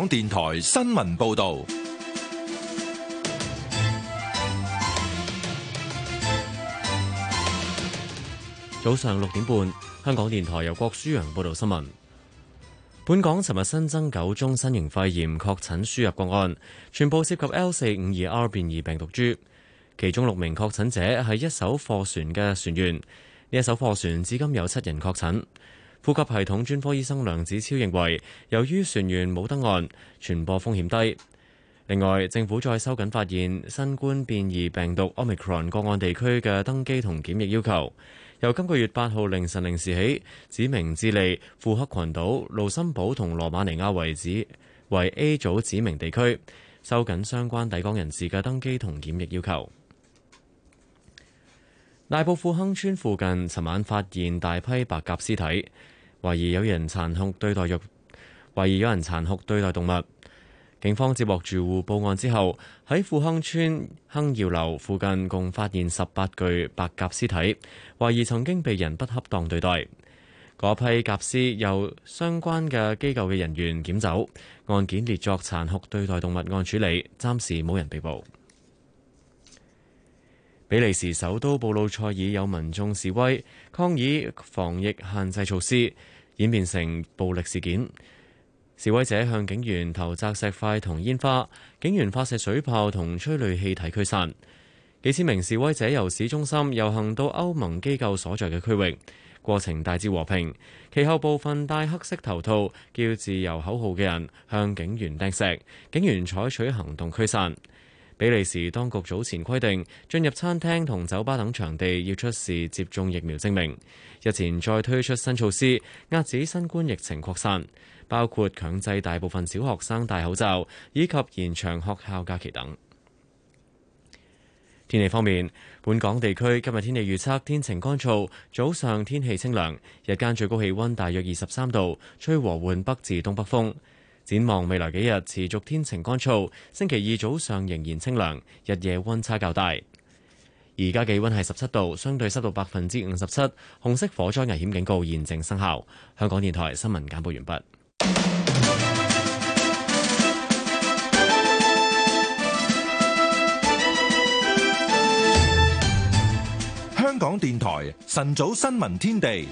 港電台新聞報道，早上六點半，香港電台由郭舒揚報道新聞。本港尋日新增九宗新型肺炎確診輸入個案，全部涉及 L 四五二 R 變異病毒株，其中六名確診者係一艘貨船嘅船員。呢一艘貨船至今有七人確診。呼吸系統專科醫生梁子超認為，由於船員冇登岸，傳播風險低。另外，政府再收緊發現新冠變異病毒 Omicron 個案地區嘅登機同檢疫要求，由今個月八號凌晨零時起，指明智利、庫克群島、盧森堡同羅馬尼亞為指為 A 組指明地區，收緊相關抵港人士嘅登機同檢疫要求。大埔富亨村附近，尋晚發現大批白鴿屍體，懷疑有人殘酷對待肉，懷疑有人殘酷對待動物。警方接獲住戶報案之後，喺富亨村亨耀樓附近共發現十八具白鴿屍體，懷疑曾經被人不恰當對待。嗰批鴿屍由相關嘅機構嘅人員撿走，案件列作殘酷對待動物案處理，暫時冇人被捕。比利時首都布魯塞爾有民眾示威抗議防疫限制措施，演變成暴力事件。示威者向警員投擲石塊同煙花，警員發射水炮同催淚氣體驅散。幾千名示威者由市中心遊行到歐盟機構所在嘅區域，過程大致和平。其後部分戴黑色頭套、叫自由口號嘅人向警員掟石，警員採取行動驅散。比利時當局早前規定進入餐廳同酒吧等場地要出示接種疫苗證明。日前再推出新措施，遏止新冠疫情擴散，包括強制大部分小學生戴口罩，以及延長學校假期等。天氣方面，本港地區今日天氣預測天晴乾燥，早上天氣清涼，日間最高氣溫大約二十三度，吹和緩北至東北風。展望未來幾日持續天晴乾燥，星期二早上仍然清涼，日夜溫差較大。而家氣溫係十七度，相對濕度百分之五十七，紅色火災危險警告現正生效。香港電台新聞簡報完畢。香港電台晨早新聞天地。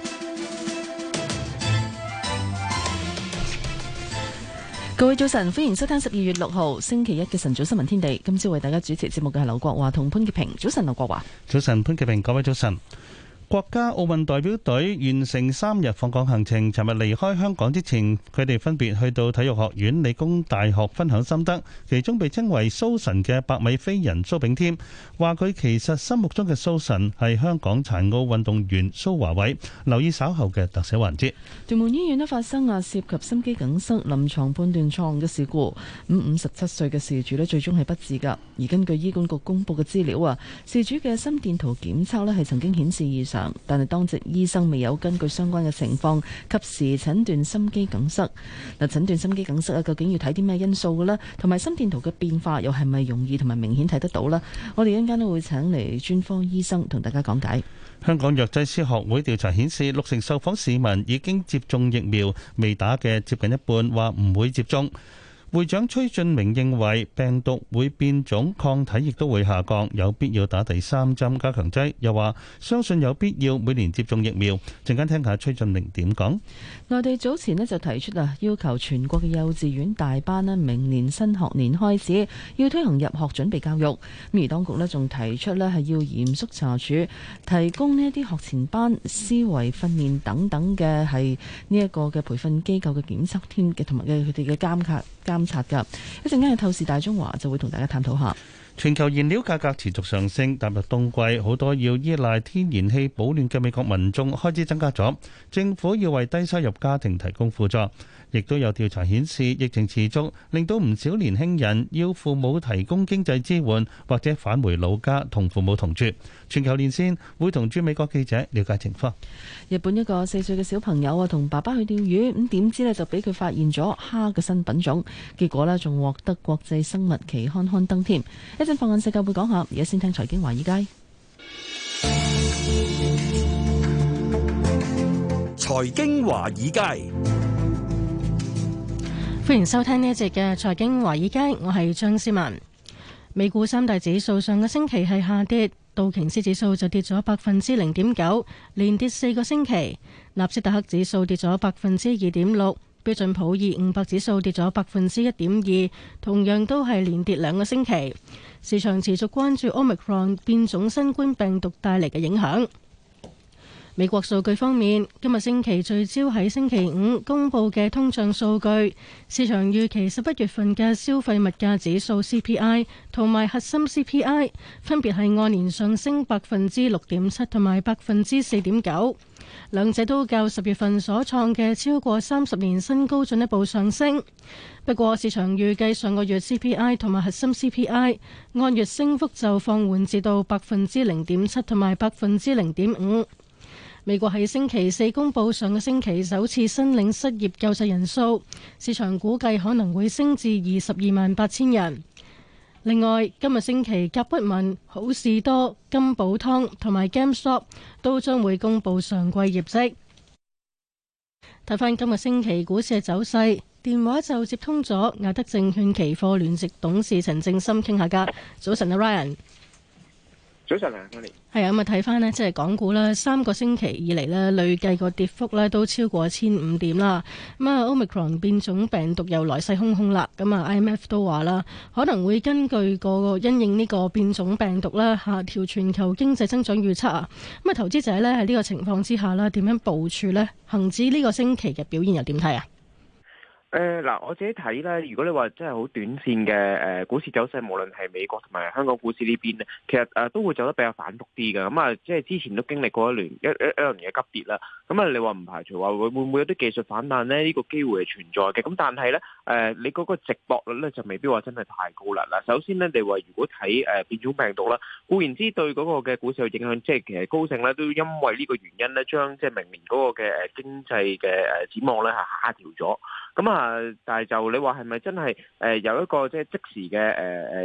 各位早晨，歡迎收聽十二月六號星期一嘅晨早新聞天地。今朝為大家主持節目嘅係劉國華同潘潔平。早晨，劉國華。早晨，潘潔平。各位早晨。國家奧運代表隊完成三日訪港行程。尋日離開香港之前，佢哋分別去到體育學院、理工大學分享心得。其中被稱為“蘇神”嘅百米飛人蘇炳添話：佢其實心目中嘅“蘇神”係香港殘奧運動員蘇樺偉。留意稍後嘅特寫環節。屯門醫院都發生啊涉及心肌梗塞臨床判斷錯誤嘅事故，五五十七歲嘅事主咧最終係不治㗎。而根據醫管局公布嘅資料啊，事主嘅心電圖檢測咧係曾經顯示異常。但係當值醫生未有根據相關嘅情況及時診斷心肌梗塞。嗱，診斷心肌梗塞啊，究竟要睇啲咩因素呢？同埋心電圖嘅變化又係咪容易同埋明顯睇得到呢？我哋一陣間都會請嚟專科醫生同大家講解。香港藥劑師學會調查顯示，六成受訪市民已經接種疫苗，未打嘅接近一半話唔會接種。會長崔俊明認為病毒會變種，抗體亦都會下降，有必要打第三針加強劑。又話相信有必要每年接種疫苗。陣間聽下崔俊明點講。內地早前咧就提出啦，要求全國嘅幼稚園大班咧，明年新學年開始要推行入學準備教育。咁而當局咧仲提出咧係要嚴肅查處，提供呢一啲學前班思維訓練等等嘅係呢一個嘅培訓機構嘅檢測添嘅，同埋佢哋嘅監察。監察噶，一陣間去透視大中華就會同大家探討下。全球燃料價格持續上升，踏入冬季，好多要依賴天然氣保暖嘅美國民眾開支增加咗，政府要為低收入家庭提供輔助。亦都有調查顯示，疫情持續令到唔少年輕人要父母提供經濟支援，或者返回老家同父母同住。全球連線會同駐美國記者了解情況。日本一個四歲嘅小朋友啊，同爸爸去釣魚，咁點知呢就俾佢發現咗蝦嘅新品種，結果呢仲獲得國際生物期刊刊登添。一陣放眼世界會講下，而家先聽財經華爾街。財經華爾街。歡迎收聽呢一節嘅財經華爾街，我係張思文。美股三大指數上個星期係下跌，道瓊斯指數就跌咗百分之零點九，連跌四個星期；納斯達克指數跌咗百分之二點六，標準普爾五百指數跌咗百分之一點二，同樣都係連跌兩個星期。市場持續關注 Omicron 變種新冠病毒帶嚟嘅影響。美國數據方面，今日星期聚焦喺星期五公布嘅通脹數據。市場預期十一月份嘅消費物價指數 CPI 同埋核心 CPI 分別係按年上升百分之六點七同埋百分之四點九，兩者都較十月份所創嘅超過三十年新高進一步上升。不過，市場預計上個月 CPI 同埋核心 CPI 按月升幅就放緩至到百分之零點七同埋百分之零點五。美國喺星期四公布上個星期首次申領失業救濟人數，市場估計可能會升至二十二萬八千人。另外，今日星期甲骨文、好事多、金寶湯同埋 GameStop 都將會公布上季業績。睇翻，今日星期股市嘅走勢，電話就接通咗亞德證券期貨聯席董事陳正心傾下偈。早晨，阿 Ryan。早晨啊，阿連，係啊，咁啊睇翻呢即係港股咧，三個星期以嚟呢，累計個跌幅呢都超過千五點啦。咁啊，Omicron 變種病毒又來勢洶洶啦。咁啊，IMF 都話啦，可能會根據個因應呢個變種病毒咧，下調全球經濟增長預測啊。咁啊，投資者呢喺呢個情況之下呢，點樣部署呢？恒指呢個星期嘅表現又點睇啊？誒，嗱，uh, 我自己睇咧，如果你話真係好短線嘅誒，股市走勢，無論係美國同埋香港股市呢邊咧，其實誒都會走得比較反覆啲嘅。咁、嗯、啊，即係之前都經歷過一連一一一輪嘅急跌啦。咁啊、嗯，你話唔排除話會會唔會有啲技術反彈咧？呢、這個機會係存在嘅。咁但係咧，誒、呃，你嗰個直播率咧就未必話真係太高啦。嗱，首先咧，你話如果睇誒，變種病毒啦，固然之對嗰個嘅股市有影響，即係其實高盛咧都因為呢個原因咧，將即係明年嗰個嘅誒經濟嘅誒展望咧係下調咗。咁啊、嗯，但係就你話係咪真係，誒有一個即係即，即時嘅，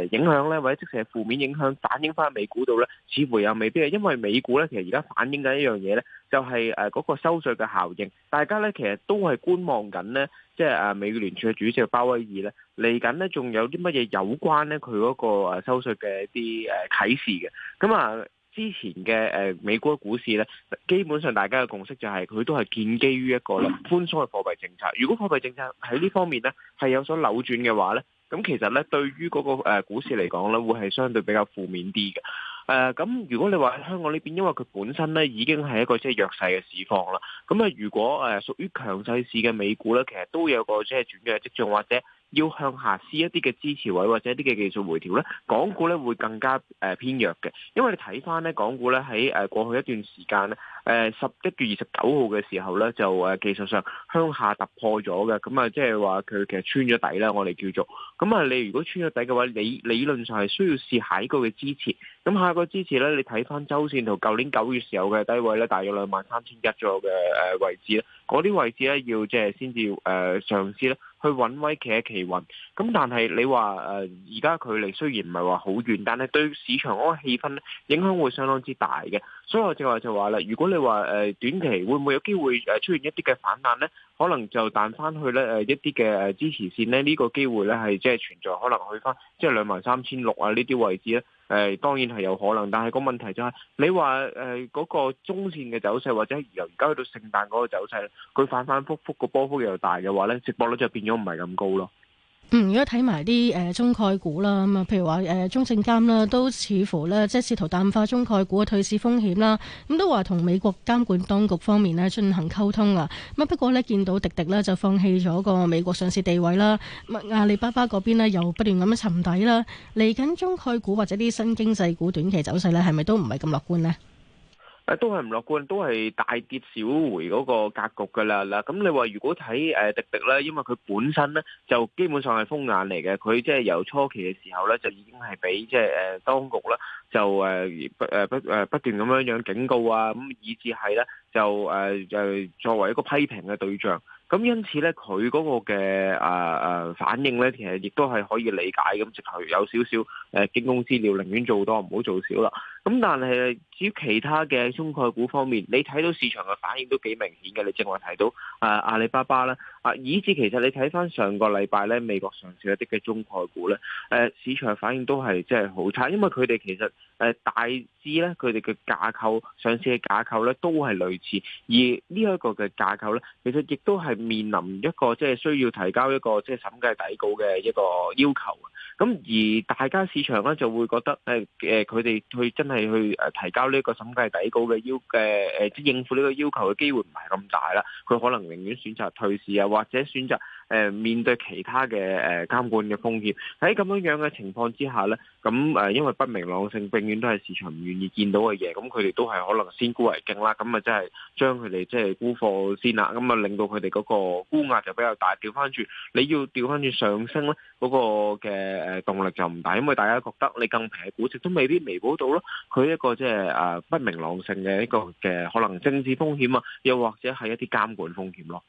誒誒影響咧，或者即時嘅負面影響反映翻美股度咧，似乎又未必係。因為美股咧其實而家反映緊一樣嘢咧，就係誒嗰個收稅嘅效應，大家咧其實都係觀望緊咧，即係啊美聯儲嘅主席鮑威爾咧嚟緊咧，仲有啲乜嘢有關咧佢嗰個收稅嘅一啲誒啟示嘅，咁、嗯、啊。嗯之前嘅誒、呃、美股嘅股市咧，基本上大家嘅共識就係佢都係建基於一個啦寬鬆嘅貨幣政策。如果貨幣政策喺呢方面咧係有所扭轉嘅話咧，咁其實咧對於嗰、那個、呃、股市嚟講咧，會係相對比較負面啲嘅。誒、呃、咁如果你話香港呢邊，因為佢本身咧已經係一個即係弱勢嘅市況啦，咁啊如果誒、呃、屬於強勢市嘅美股咧，其實都有個即係轉弱嘅跡象或者。要向下試一啲嘅支持位或者一啲嘅技術回調咧，港股咧會更加誒、呃、偏弱嘅，因為你睇翻咧，港股咧喺誒過去一段時間咧，誒十一月二十九號嘅時候咧，就誒、呃、技術上向下突破咗嘅，咁啊即係話佢其實穿咗底啦，我哋叫做，咁啊你如果穿咗底嘅話，理理論上係需要試下一個嘅支持，咁下一個支持咧，你睇翻周線圖，舊年九月時候嘅低位咧，大約兩萬三千一左右嘅誒位置咧，嗰啲位置咧要即係先至誒嘗試咧。去穩威企喺奇雲，咁但係你話誒，而、呃、家距離雖然唔係話好遠，但係對市場嗰個氣氛咧，影響會相當之大嘅。所以我正話就話啦，如果你話誒短期會唔會有機會誒出現一啲嘅反彈呢？可能就彈翻去呢誒一啲嘅支持綫呢。呢、這個機會呢，係即係存在，可能去翻即係兩萬三千六啊呢啲位置咧誒、呃，當然係有可能，但係個問題就係、是、你話誒嗰個中綫嘅走勢，或者由而家去到聖誕嗰個走勢，佢反反复覆個波幅又大嘅話呢，值博率就變咗唔係咁高咯。嗯，如果睇埋啲誒中概股啦，咁啊，譬如話誒中證監啦，都似乎呢即係試圖淡化中概股嘅退市風險啦，咁都話同美國監管當局方面呢進行溝通啊。咁不過呢，見到滴滴呢就放棄咗個美國上市地位啦。阿里巴巴嗰邊呢又不斷咁樣沉底啦。嚟緊中概股或者啲新經濟股短期走勢呢，係咪都唔係咁樂觀呢？都係唔樂觀，都係大跌小回嗰個格局㗎啦。嗱，咁你話如果睇誒、呃、滴滴咧，因為佢本身咧就基本上係風眼嚟嘅，佢即係由初期嘅時候咧就已經係俾即係誒當局咧就誒、呃、不誒不誒不斷咁樣樣警告啊，咁以至係咧就誒誒、呃、作為一個批評嘅對象，咁因此咧佢嗰個嘅啊啊反應咧其實亦都係可以理解咁，直頭有少少。誒，軍工資料寧願做多唔好做少啦。咁但係至於其他嘅中概股方面，你睇到市場嘅反應都幾明顯嘅。你正話提到啊，阿里巴巴啦，啊，以至其實你睇翻上個禮拜咧，美國上市一啲嘅中概股咧，誒，市場反應都係即係好差，因為佢哋其實誒大致咧，佢哋嘅架構上市嘅架構咧都係類似，而呢一個嘅架構咧，其實亦都係面臨一個即係、就是、需要提交一個即係審計底稿嘅一個要求。咁而大家市場咧就會覺得誒誒，呃、佢哋去真係去誒提交呢個審計底稿嘅要誒誒、呃，應付呢個要求嘅機會唔係咁大啦。佢可能寧願選擇退市啊，或者選擇誒、呃、面對其他嘅誒、呃、監管嘅風險。喺咁樣樣嘅情況之下咧，咁誒，因為不明朗性永遠都係市場唔願意見到嘅嘢，咁佢哋都係可能先沽為敬啦。咁啊，即係將佢哋即係沽貨先啦。咁啊，令到佢哋嗰個沽壓就比較大。調翻轉，你要調翻轉上升咧，嗰、那個嘅誒動力就唔大，因為大家覺得你更平嘅估值都未必彌補到咯。佢一個即係誒不明朗性嘅一個嘅可能政治風險啊，又或者係一啲監管風險咯。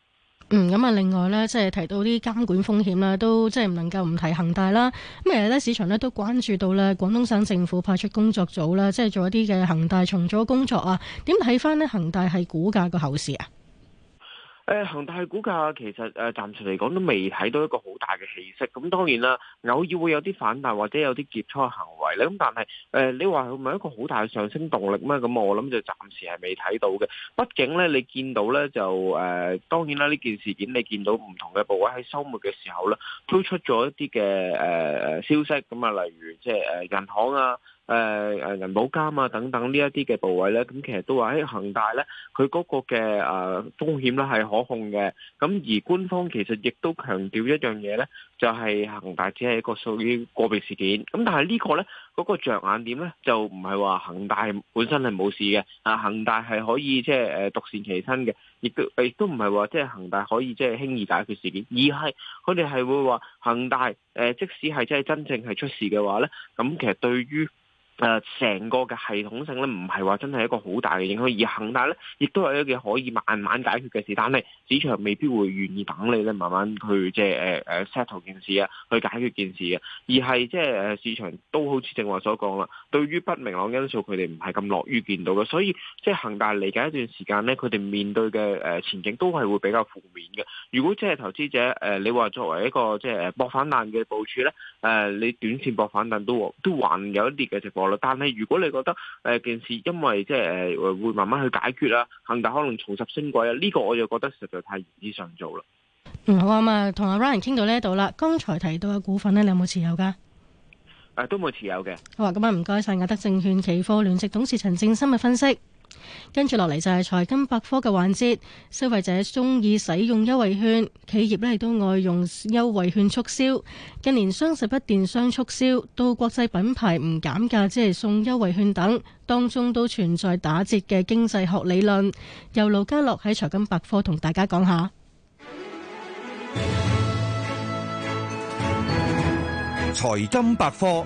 嗯，咁啊，另外咧，即係提到啲監管風險啦，都即係唔能夠唔提恒大啦。咁而家咧，市場咧都關注到咧，廣東省政府派出工作組啦，即係做一啲嘅恒大重組工作啊。點睇翻呢？恒大係股價個後市啊？誒，恒大嘅股價其實誒，暫時嚟講都未睇到一個好大嘅起色。咁當然啦，偶爾會有啲反彈或者有啲接差行為咧。咁但係誒，你話係咪一個好大嘅上升動力咧？咁我諗就暫時係未睇到嘅。畢竟咧，你見到咧就誒、呃，當然啦，呢件事件你見到唔同嘅部委喺收尾嘅時候咧，推出咗一啲嘅誒消息。咁、呃、啊，例如即係誒，銀、呃、行啊。誒誒，人保監啊等等呢一啲嘅部位咧，咁其實都話喺恒大咧，佢嗰個嘅誒風險咧係可控嘅。咁而官方其實亦都強調一樣嘢咧，就係恒大只係一個屬於個別事件。咁但係呢個咧，嗰個着眼點咧，就唔係話恒大本身係冇事嘅，啊恒大係可以即係誒獨善其身嘅，亦都亦都唔係話即係恒大可以即係輕易解決事件，而係佢哋係會話恒大誒，即使係即係真正係出事嘅話咧，咁其實對於。誒，成、呃、個嘅系統性咧，唔係話真係一個好大嘅影響，而恒大咧，亦都係一件可以慢慢解決嘅事。但係，市場未必會願意等你咧，慢慢去即係誒誒 settle 件事啊，去解決件事啊，而係即係誒市場都好似正話所講啦，對於不明朗因素，佢哋唔係咁樂於見到嘅。所以，即係恒大嚟緊一段時間咧，佢哋面對嘅誒前景都係會比較負面嘅。如果即係投資者誒、呃，你話作為一個即係誒博反彈嘅部署咧，誒、呃、你短線博反彈都都還有一啲嘅，直播。但係如果你覺得誒、呃、件事因為即係誒會慢慢去解決啦，恒、啊、大可能重拾升軌啊，呢、這個我就覺得實在太言之尚早啦、嗯。嗯，好啊，啊同阿 Ryan 傾到呢一度啦。剛才提到嘅股份咧，你有冇持有噶？誒、呃，都冇持有嘅。好啊，咁啊唔該晒，亞、呃、德證券期貨聯席董事陳正深嘅分析。跟住落嚟就係財金百科嘅環節，消費者中意使用優惠券，企業咧都愛用優惠券促銷。近年雙十一電商促銷，到國際品牌唔減價，只係送優惠券等，當中都存在打折嘅經濟學理論。由盧家樂喺財金百科同大家講下。財金百科。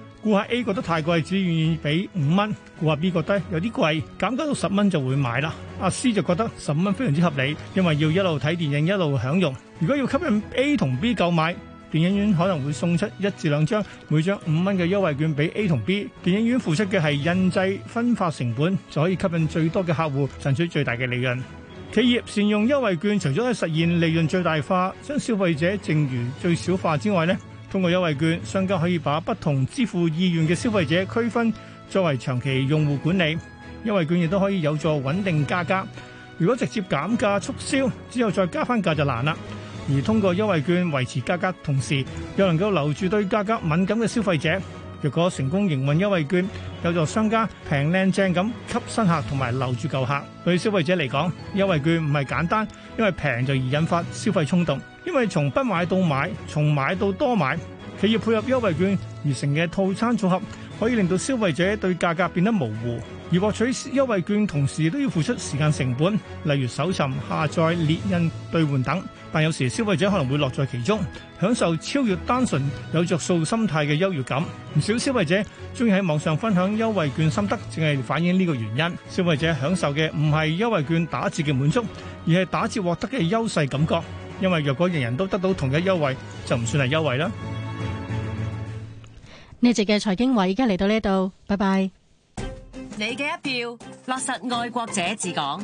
顧客 A 覺得太貴，只願意俾五蚊；顧客 B 覺得有啲貴，減價到十蚊就會買啦。阿 C 就覺得十五蚊非常之合理，因為要一路睇電影一路享用。如果要吸引 A 同 B 購買，電影院可能會送出一至兩張每張五蚊嘅優惠券俾 A 同 B。電影院付出嘅係印製分發成本，就可以吸引最多嘅客戶，賺取最大嘅利潤。企業善用優惠券，除咗喺實現利潤最大化、將消費者剩餘最小化之外，咧。通過優惠券，商家可以把不同支付意願嘅消費者區分，作為長期用戶管理。優惠券亦都可以有助穩定價格。如果直接減價促銷，之後再加翻價就難啦。而通過優惠券維持價格，同時又能夠留住對價格敏感嘅消費者。若果成功營運優惠券，有助商家平靚正咁吸新客同埋留住舊客。對消費者嚟講，優惠券唔係簡單，因為平就易引發消費衝動。因為從不買到買，從買到多買，企業配合優惠券而成嘅套餐組合，可以令到消費者對價格變得模糊。而獲取優惠券同時都要付出時間成本，例如搜尋、下載、列印、兌換等。但有時消費者可能會樂在其中，享受超越單純有着數心態嘅優越感。唔少消費者中意喺網上分享優惠券心得，正係反映呢個原因。消費者享受嘅唔係優惠券打折嘅滿足，而係打折獲得嘅優勢感覺。因為若果人人都得到同一優惠，就唔算係優惠啦。呢集嘅財經話，而家嚟到呢度，拜拜。你嘅一票，落實愛國者治港。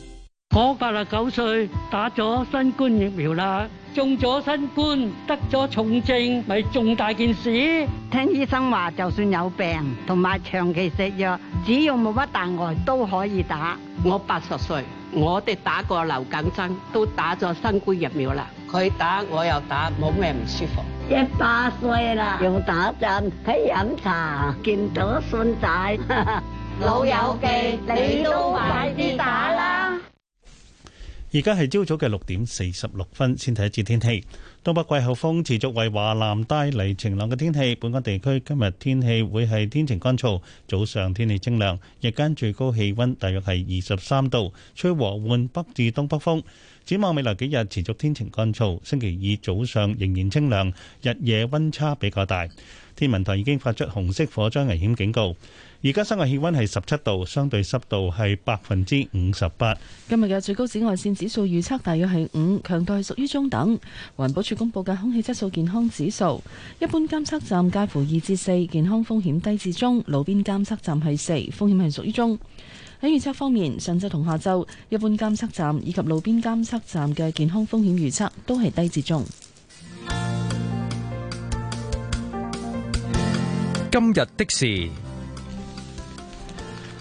我八十九歲，打咗新冠疫苗啦，中咗新冠，得咗重症，咪重大件事。聽醫生話，就算有病同埋長期食藥，只要冇乜大礙都可以打。我八十歲，我哋打過流感針，都打咗新冠疫苗啦。佢打，我又打，冇咩唔舒服。一百歲啦，又打針，喺飲茶，見到孫仔，老友記，你都快啲打啦。而家係朝早嘅六點四十六分，先睇一節天氣。東北季候風持續為華南帶嚟晴朗嘅天氣，本港地區今日天氣會係天晴乾燥，早上天氣清涼，日間最高氣溫大約係二十三度，吹和緩北至東北風。展望未來幾日持續天晴乾燥，星期二早上仍然清涼，日夜溫差比較大。天文台已經發出紅色火災危險警告。而家室外氣溫係十七度，相對濕度係百分之五十八。今日嘅最高紫外線指數預測大約係五，強度係屬於中等。環保署公佈嘅空氣質素健康指數，一般監測站介乎二至四，健康風險低至中；路邊監測站係四，風險係屬於中。喺預測方面，上周同下周，一般監測站以及路邊監測站嘅健康風險預測都係低至中。今日的事，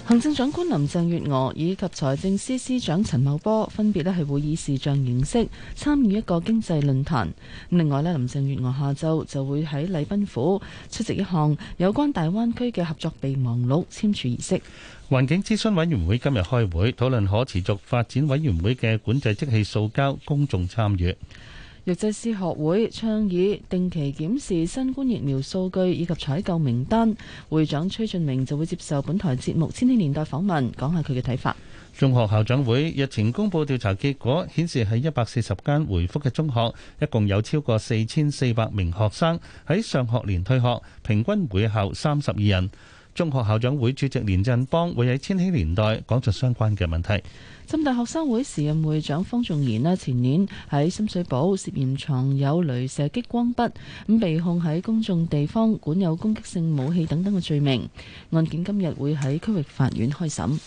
行政長官林鄭月娥以及財政司司，司長陳茂波分別咧係會以視像形式參與一個經濟論壇。另外咧，林鄭月娥下晝就會喺禮賓府出席一項有關大灣區嘅合作備忘錄簽署儀式。環境諮詢委員會今日開會討論可持續發展委員會嘅管制即棄塑膠公眾參與。藥劑師學會倡議定期檢視新冠疫苗數據以及採購名單。會長崔俊明就會接受本台節目《千禧年代》訪問，講下佢嘅睇法。中學校長會日前公佈調查結果，顯示喺一百四十間回覆嘅中學，一共有超過四千四百名學生喺上學年退學，平均每校三十二人。中學校長會主席連振邦會喺千禧年代講述相關嘅問題。浸大學生會時任會長方仲賢咧，前年喺深水埗涉嫌藏有鐳射激光筆，咁被控喺公眾地方管有攻擊性武器等等嘅罪名。案件今日會喺區域法院開審。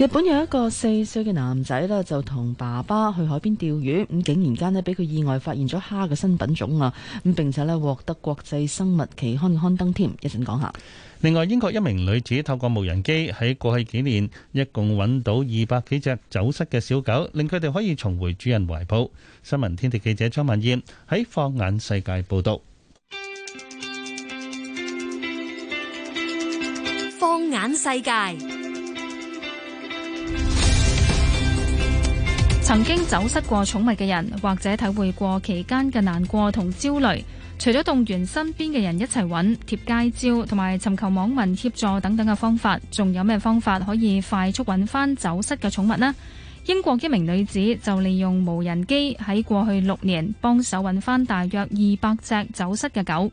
日本有一個四歲嘅男仔呢就同爸爸去海邊釣魚，咁竟然間呢，俾佢意外發現咗蝦嘅新品種啊！咁並且呢，獲得國際生物期刊刊登添。一陣講下。另外，英國一名女子透過無人機喺過去幾年，一共揾到二百幾隻走失嘅小狗，令佢哋可以重回主人懷抱。新聞天地記者張文燕喺放眼世界報道。放眼世界。曾經走失過寵物嘅人，或者體會過期間嘅難過同焦慮，除咗動員身邊嘅人一齊揾、貼街招、同埋尋求網民協助等等嘅方法，仲有咩方法可以快速揾翻走失嘅寵物呢？英國一名女子就利用無人機喺過去六年幫手揾翻大約二百隻走失嘅狗。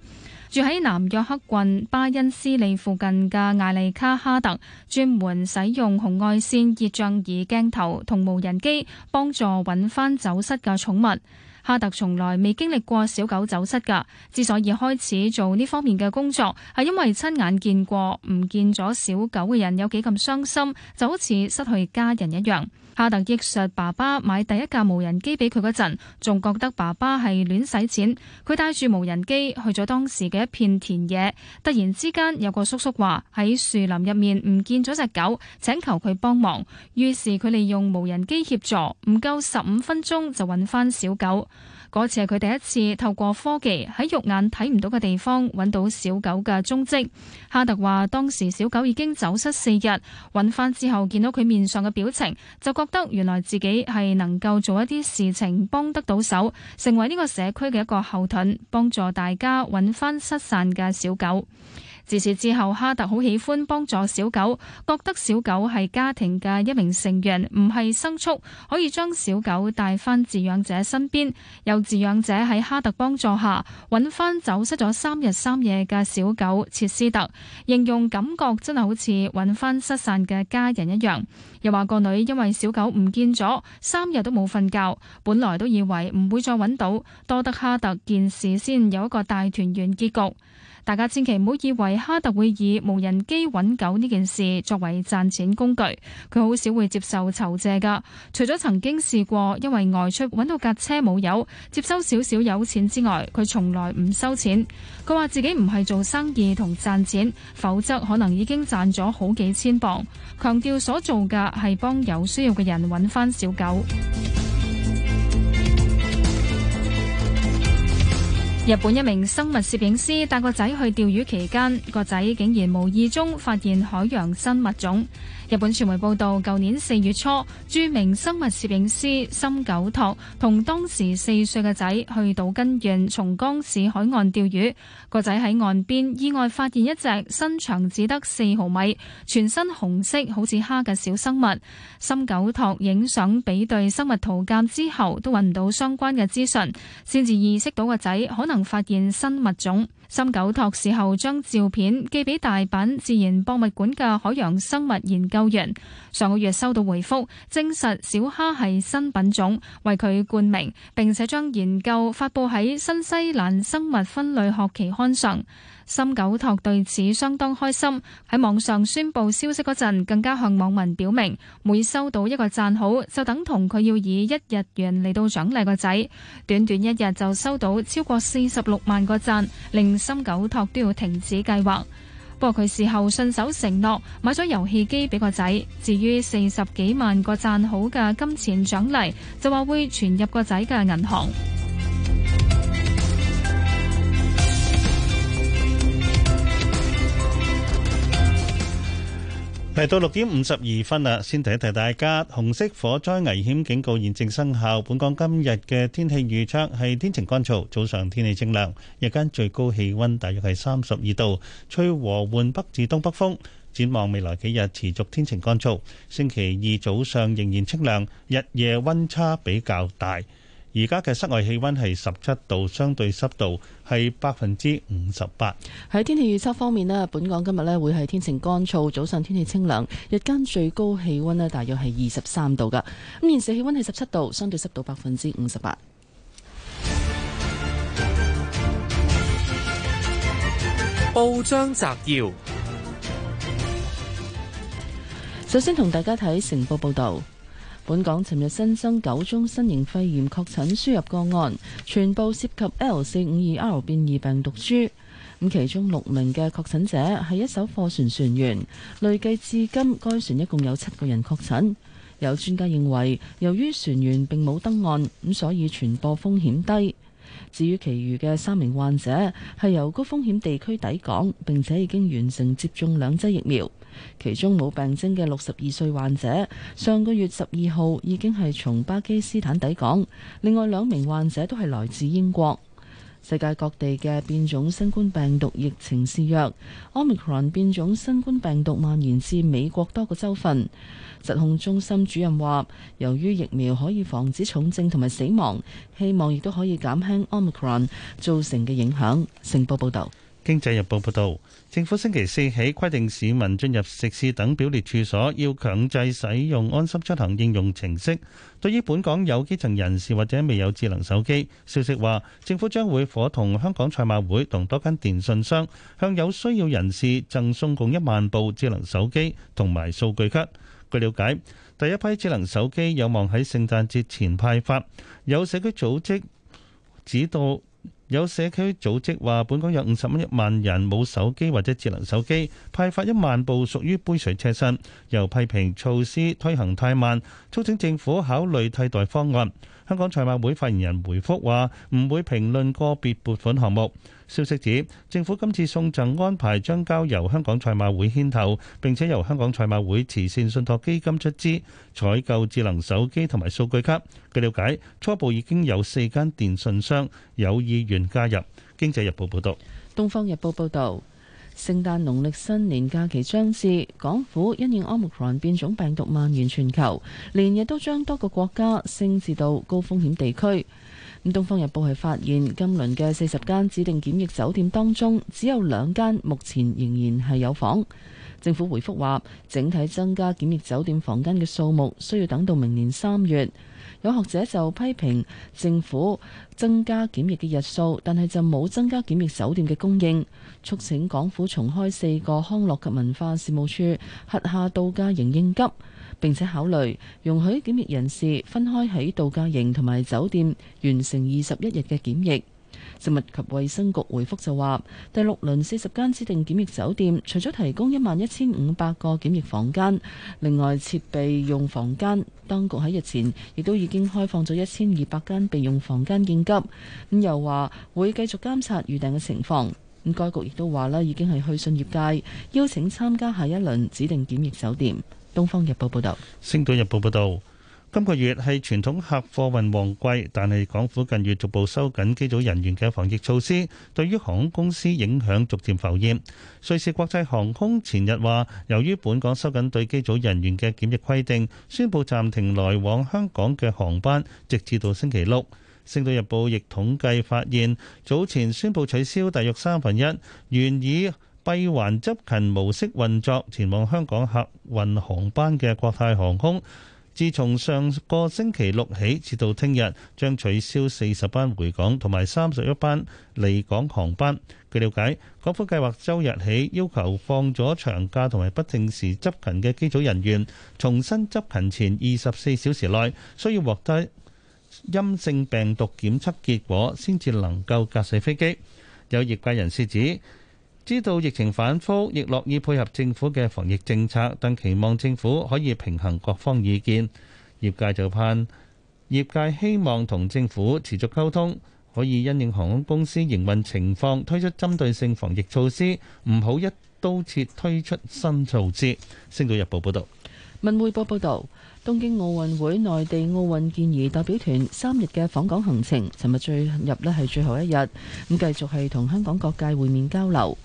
住喺南約克郡巴恩斯利附近嘅艾利卡哈特，專門使用紅外線熱像儀鏡頭同無人機幫助揾翻走失嘅寵物。哈特從來未經歷過小狗走失嘅，之所以開始做呢方面嘅工作，係因為親眼見過唔見咗小狗嘅人有幾咁傷心，就好似失去家人一樣。哈特憶述爸爸買第一架無人機俾佢嗰陣，仲覺得爸爸係亂使錢。佢帶住無人機去咗當時嘅一片田野，突然之間有個叔叔話喺樹林入面唔見咗隻狗，請求佢幫忙。於是佢利用無人機協助，唔夠十五分鐘就搵返小狗。嗰次係佢第一次透過科技喺肉眼睇唔到嘅地方揾到小狗嘅蹤跡。哈特話當時小狗已經走失四日，揾翻之後見到佢面上嘅表情，就覺得原來自己係能夠做一啲事情幫得到手，成為呢個社區嘅一個後盾，幫助大家揾翻失散嘅小狗。自此之後，哈特好喜歡幫助小狗，覺得小狗係家庭嘅一名成員，唔係牲畜，可以將小狗帶返飼養者身邊。有飼養者喺哈特幫助下揾翻走失咗三日三夜嘅小狗切斯特，形容感覺真係好似揾翻失散嘅家人一樣。又話個女因為小狗唔見咗三日都冇瞓覺，本來都以為唔會再揾到，多得哈特件事先有一個大團圓結局。大家千祈唔好以為哈特會以無人機揾狗呢件事作為賺錢工具，佢好少會接受酬謝噶。除咗曾經試過因為外出揾到架車冇油，接收少少有錢之外，佢從來唔收錢。佢話自己唔係做生意同賺錢，否則可能已經賺咗好幾千磅。強調所做嘅係幫有需要嘅人揾翻小狗。日本一名生物攝影師帶個仔去釣魚期間，個仔竟然無意中發現海洋新物種。日本傳媒報道，舊年四月初，著名生物攝影師森九拓同當時四歲嘅仔去島根縣松江市海岸釣魚，個仔喺岸邊意外發現一隻身長只得四毫米、全身紅色、好似蝦嘅小生物。森九拓影相比對生物圖鑑之後，都揾唔到相關嘅資訊，先至意識到個仔可能發現新物種。深九托事後將照片寄俾大阪自然博物館嘅海洋生物研究員，上個月收到回覆，證實小蝦係新品種，為佢冠名，並且將研究發布喺新西蘭生物分類學期刊上。森九托對此相當開心，喺網上宣布消息嗰陣，更加向網民表明每收到一個讚好，就等同佢要以一日元嚟到獎勵個仔。短短一日就收到超過四十六萬個讚，令森九托都要停止計劃。不過佢事後信守承諾買咗遊戲機俾個仔。至於四十幾萬個讚好嘅金錢獎勵，就話會存入個仔嘅銀行。嚟到六點五十二分啦，先提一提大家，紅色火災危險警告現正生效。本港今日嘅天氣預測係天晴乾燥，早上天氣清涼，日間最高氣温大約係三十二度，吹和緩北至東北風。展望未來幾日持續天晴乾燥，星期二早上仍然清涼，日夜温差比較大。而家嘅室外氣温係十七度，相對濕度，係百分之五十八。喺天氣預測方面咧，本港今日咧會係天晴乾燥，早上天氣清涼，日間最高氣溫咧大約係二十三度噶。咁現時氣溫係十七度，相對濕度百分之五十八。報章摘要，首先同大家睇成報報道。本港尋日新增九宗新型肺炎確診輸入個案，全部涉及 L 四五二 R 變異病毒株。咁其中六名嘅確診者係一艘貨船船員，累計至今該船一共有七個人確診。有專家認為，由於船員並冇登岸，咁所以傳播風險低。至於其餘嘅三名患者係由高風險地區抵港，並且已經完成接種兩劑疫苗。其中冇病徵嘅六十二歲患者，上個月十二號已經係從巴基斯坦抵港。另外兩名患者都係來自英國。世界各地嘅變種新冠病毒疫情肆虐，Omicron 變種新冠病毒蔓延至美國多個州份。疾控中心主任話：由於疫苗可以防止重症同埋死亡，希望亦都可以減輕 Omicron 造成嘅影響。成報報道。經濟日報報導，政府星期四起規定市民進入食肆等表列處所要強制使用安心出行應用程式。對於本港有基層人士或者未有智能手機，消息話政府將會夥同香港賽馬會同多間電訊商向有需要人士贈送共一萬部智能手機同埋數據卡。據了解，第一批智能手機有望喺聖誕節前派發，有社區組織指導。有社區組織話，本港有五十蚊一萬人冇手機或者智能手機，派發一萬部屬於杯水車薪，又批評措施推行太慢，促請政府考慮替代方案。香港賽馬會發言人回覆話：唔會評論個別撥款項目。消息指，政府今次送贈安排將交由香港賽馬會牽頭，並且由香港賽馬會慈善信託基金出資採購智能手機同埋數據卡。據了解，初步已經有四間電訊商有意願加入。經濟日報報道。東方日報報導。聖誕、農曆新年假期將至，港府因應 Omicron 變種病毒蔓延全球，連日都將多個國家升至到高風險地區。咁《東方日報》係發現，今輪嘅四十間指定檢疫酒店當中，只有兩間目前仍然係有房。政府回覆話，整體增加檢疫酒店房間嘅數目，需要等到明年三月。有學者就批評政府增加檢疫嘅日數，但係就冇增加檢疫酒店嘅供應，促請港府重開四個康樂及文化事務處轄下度假營應急，並且考慮容許檢疫人士分開喺度假營同埋酒店完成二十一日嘅檢疫。食物及衛生局回覆就話，第六輪四十間指定檢疫酒店，除咗提供一萬一千五百個檢疫房間，另外設備用房間。當局喺日前亦都已經開放咗一千二百間備用房間應急。咁又話會繼續監察預訂嘅情況。咁該局亦都話啦，已經係去信業界，邀請參加下一輪指定檢疫酒店。《東方日報》報道，《星島日報》報道。今個月係傳統客貨運旺季，但係港府近月逐步收緊機組人員嘅防疫措施，對於航空公司影響逐漸浮現。瑞士國際航空前日話，由於本港收緊對機組人員嘅檢疫規定，宣布暫停來往香港嘅航班，直至到星期六。《星島日報》亦統計發現，早前宣布取消大約三分一，原以閉環執勤模式運作前往香港客運航班嘅國泰航空。自從上個星期六起，至到聽日將取消四十班回港同埋三十一班離港航班。據了解，港府計劃週日起要求放咗長假同埋不定時執勤嘅機組人員，重新執勤前二十四小時內需要獲得陰性病毒檢測結果，先至能夠駕駛飛機。有業界人士指，知道疫情反覆，亦樂意配合政府嘅防疫政策，但期望政府可以平衡各方意見。業界就盼業界希望同政府持續溝通，可以因應航空公司營運情況推出針對性防疫措施，唔好一刀切推出新措施。《星島日報》報道，文匯報報道，東京奧運會內地奧運健兒代表團三日嘅訪港行程，尋日最入咧係最後一日，咁繼續，係同香港各界會面交流。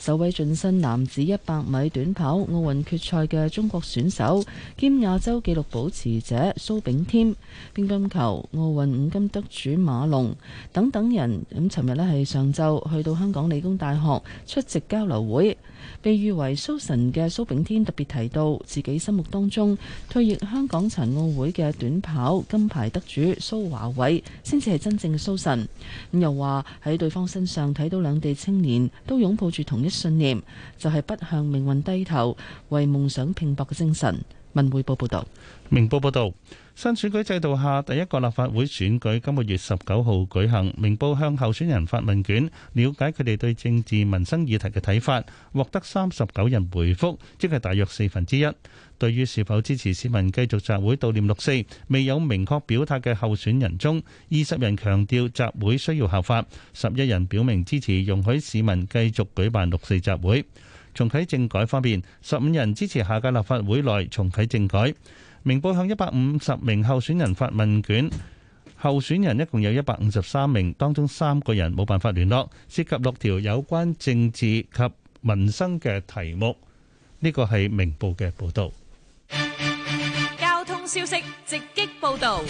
首位晉身男子一百米短跑奧運決賽嘅中國選手兼亞洲紀錄保持者蘇炳添，乒乓球奧運五金得主馬龍等等人，咁尋日呢係上晝去到香港理工大學出席交流會。被譽為蘇神嘅蘇炳添特別提到自己心目當中退役，香港殘奧會嘅短跑金牌得主蘇華偉先至係真正嘅蘇神。又話喺對方身上睇到兩地青年都擁抱住同一信念，就係不向命運低頭，為夢想拼搏嘅精神。文匯報報道，明報報道。新選舉制度下，第一個立法會選舉今個月十九號舉行。明報向候選人發問卷，瞭解佢哋對政治民生議題嘅睇法，獲得三十九人回覆，即係大約四分之一。對於是否支持市民繼續集會悼念六四，未有明確表態嘅候選人中，二十人強調集會需要合法，十一人表明支持容許市民繼續舉辦六四集會。重啟政改方面，十五人支持下屆立法會內重啟政改。明報向一百五十名候選人發問卷，候選人一共有一百五十三名，當中三個人冇辦法聯絡，涉及六條有關政治及民生嘅題目。呢個係明報嘅報道。交通消息直擊報道。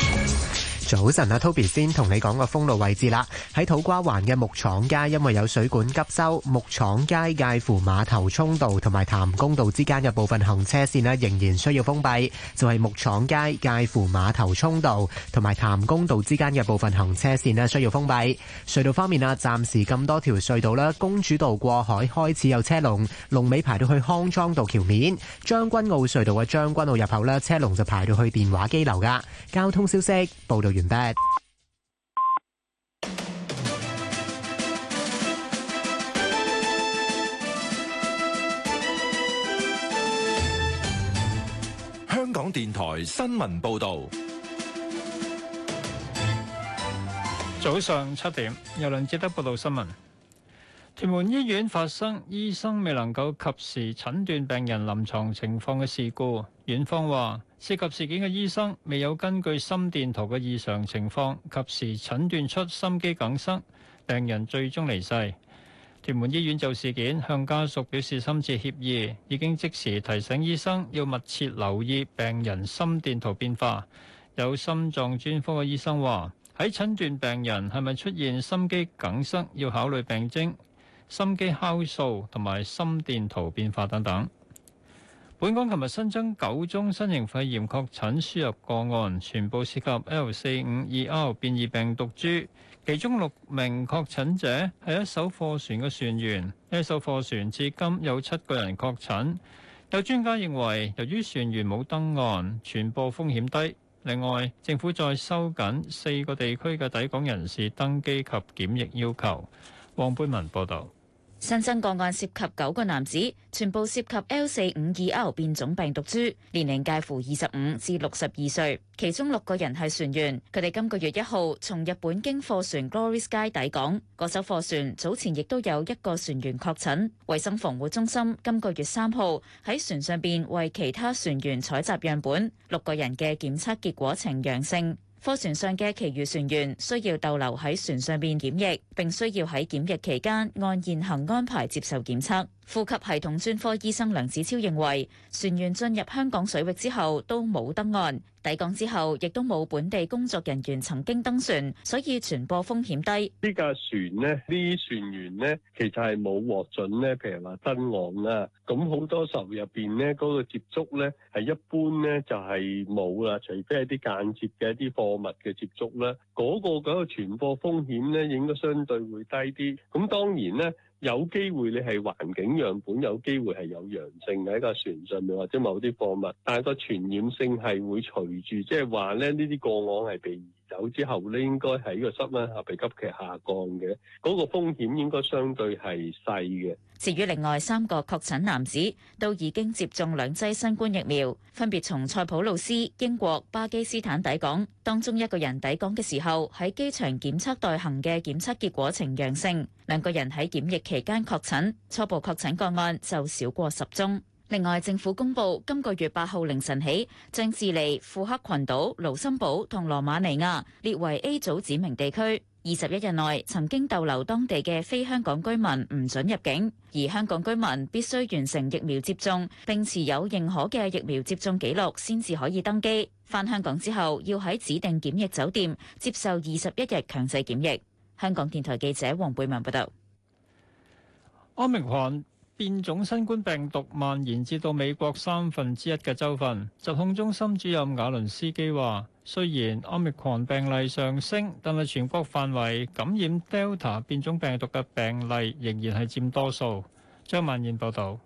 早晨啊，Toby 先同你講個封路位置啦。喺土瓜灣嘅木廠街，因為有水管急修，木廠街介乎馬頭涌道同埋譚公道之間嘅部分行車線咧，仍然需要封閉。就係木廠街介乎馬頭涌道同埋譚公道之間嘅部分行車線咧，需要封閉。隧道方面啊，暫時咁多條隧道咧，公主道過海開始有車龍，龍尾排到去康莊道橋面。將軍澳隧道嘅將軍澳入口咧，車龍就排到去電話機樓噶。交通消息報道完。香港電台新聞報導，早上七點，由梁捷德報道新聞。屯門醫院發生醫生未能夠及時診斷病人臨床情況嘅事故，院方話涉及事件嘅醫生未有根據心電圖嘅異常情況及時診斷出心肌梗塞，病人最終離世。屯門醫院就事件向家屬表示深切歉意，已經即時提醒醫生要密切留意病人心電圖變化。有心臟專科嘅醫生話：喺診斷病人係咪出現心肌梗塞，要考慮病徵。心肌酵素同埋心電圖變化等等。本港琴日新增九宗新型肺炎確診輸入個案，全部涉及 L 四五二 R 變異病毒株，其中六名確診者係一艘貨船嘅船員。呢艘貨船至今有七個人確診。有專家認為，由於船員冇登岸，傳播風險低。另外，政府再收緊四個地區嘅抵港人士登機及檢疫要求。黃貝文報導。新增個案涉及九個男子，全部涉及 L 四五二 R 變種病毒株，年齡介乎二十五至六十二歲，其中六個人係船員。佢哋今個月一號從日本經貨船 Glory Sky 抵港。嗰艘貨船早前亦都有一個船員確診。衞生防護中心今個月三號喺船上邊為其他船員採集樣本，六個人嘅檢測結果呈陽性。貨船上嘅其餘船員需要逗留喺船上邊檢疫，並需要喺檢疫期間按現行安排接受檢測。呼吸系統專科醫生梁子超認為，船員進入香港水域之後都冇登岸。抵港之後，亦都冇本地工作人員曾經登船，所以傳播風險低。呢架船咧，呢船員咧，其實係冇獲准咧，譬如話登岸啦。咁好多時候入邊咧，嗰個接觸咧係一般咧就係冇啦，除非係啲間接嘅一啲貨物嘅接觸啦。嗰個嗰個傳播風險咧，應該相對會低啲。咁當然咧。有機會你係環境樣本，有機會係有陽性嘅喺個船上面或者某啲貨物，但係個傳染性係會隨住即係話咧呢啲個案係被。走之後咧，應該喺個室溫係被急劇下降嘅，嗰個風險應該相對係細嘅。至於另外三個確診男子都已經接種兩劑新冠疫苗，分別從塞浦路斯、英國、巴基斯坦抵港，當中一個人抵港嘅時候喺機場檢測待行嘅檢測結果呈陽性，兩個人喺檢疫期間確診，初步確診個案就少過十宗。另外，政府公布今個月八號凌晨起，將智利、庫克群島、盧森堡同羅馬尼亞列為 A 組指明地區。二十一日內曾經逗留當地嘅非香港居民唔准入境，而香港居民必須完成疫苗接種並持有認可嘅疫苗接種記錄，先至可以登機。返香港之後，要喺指定檢疫酒店接受二十一日強制檢疫。香港電台記者黃貝文報道。安明翰。變種新冠病毒蔓延至到美國三分之一嘅州份，疾控中心主任亞倫斯基話：雖然 Omicron 病例上升，但係全國範圍感染 Delta 變種病毒嘅病例仍然係佔多數。張曼燕報導。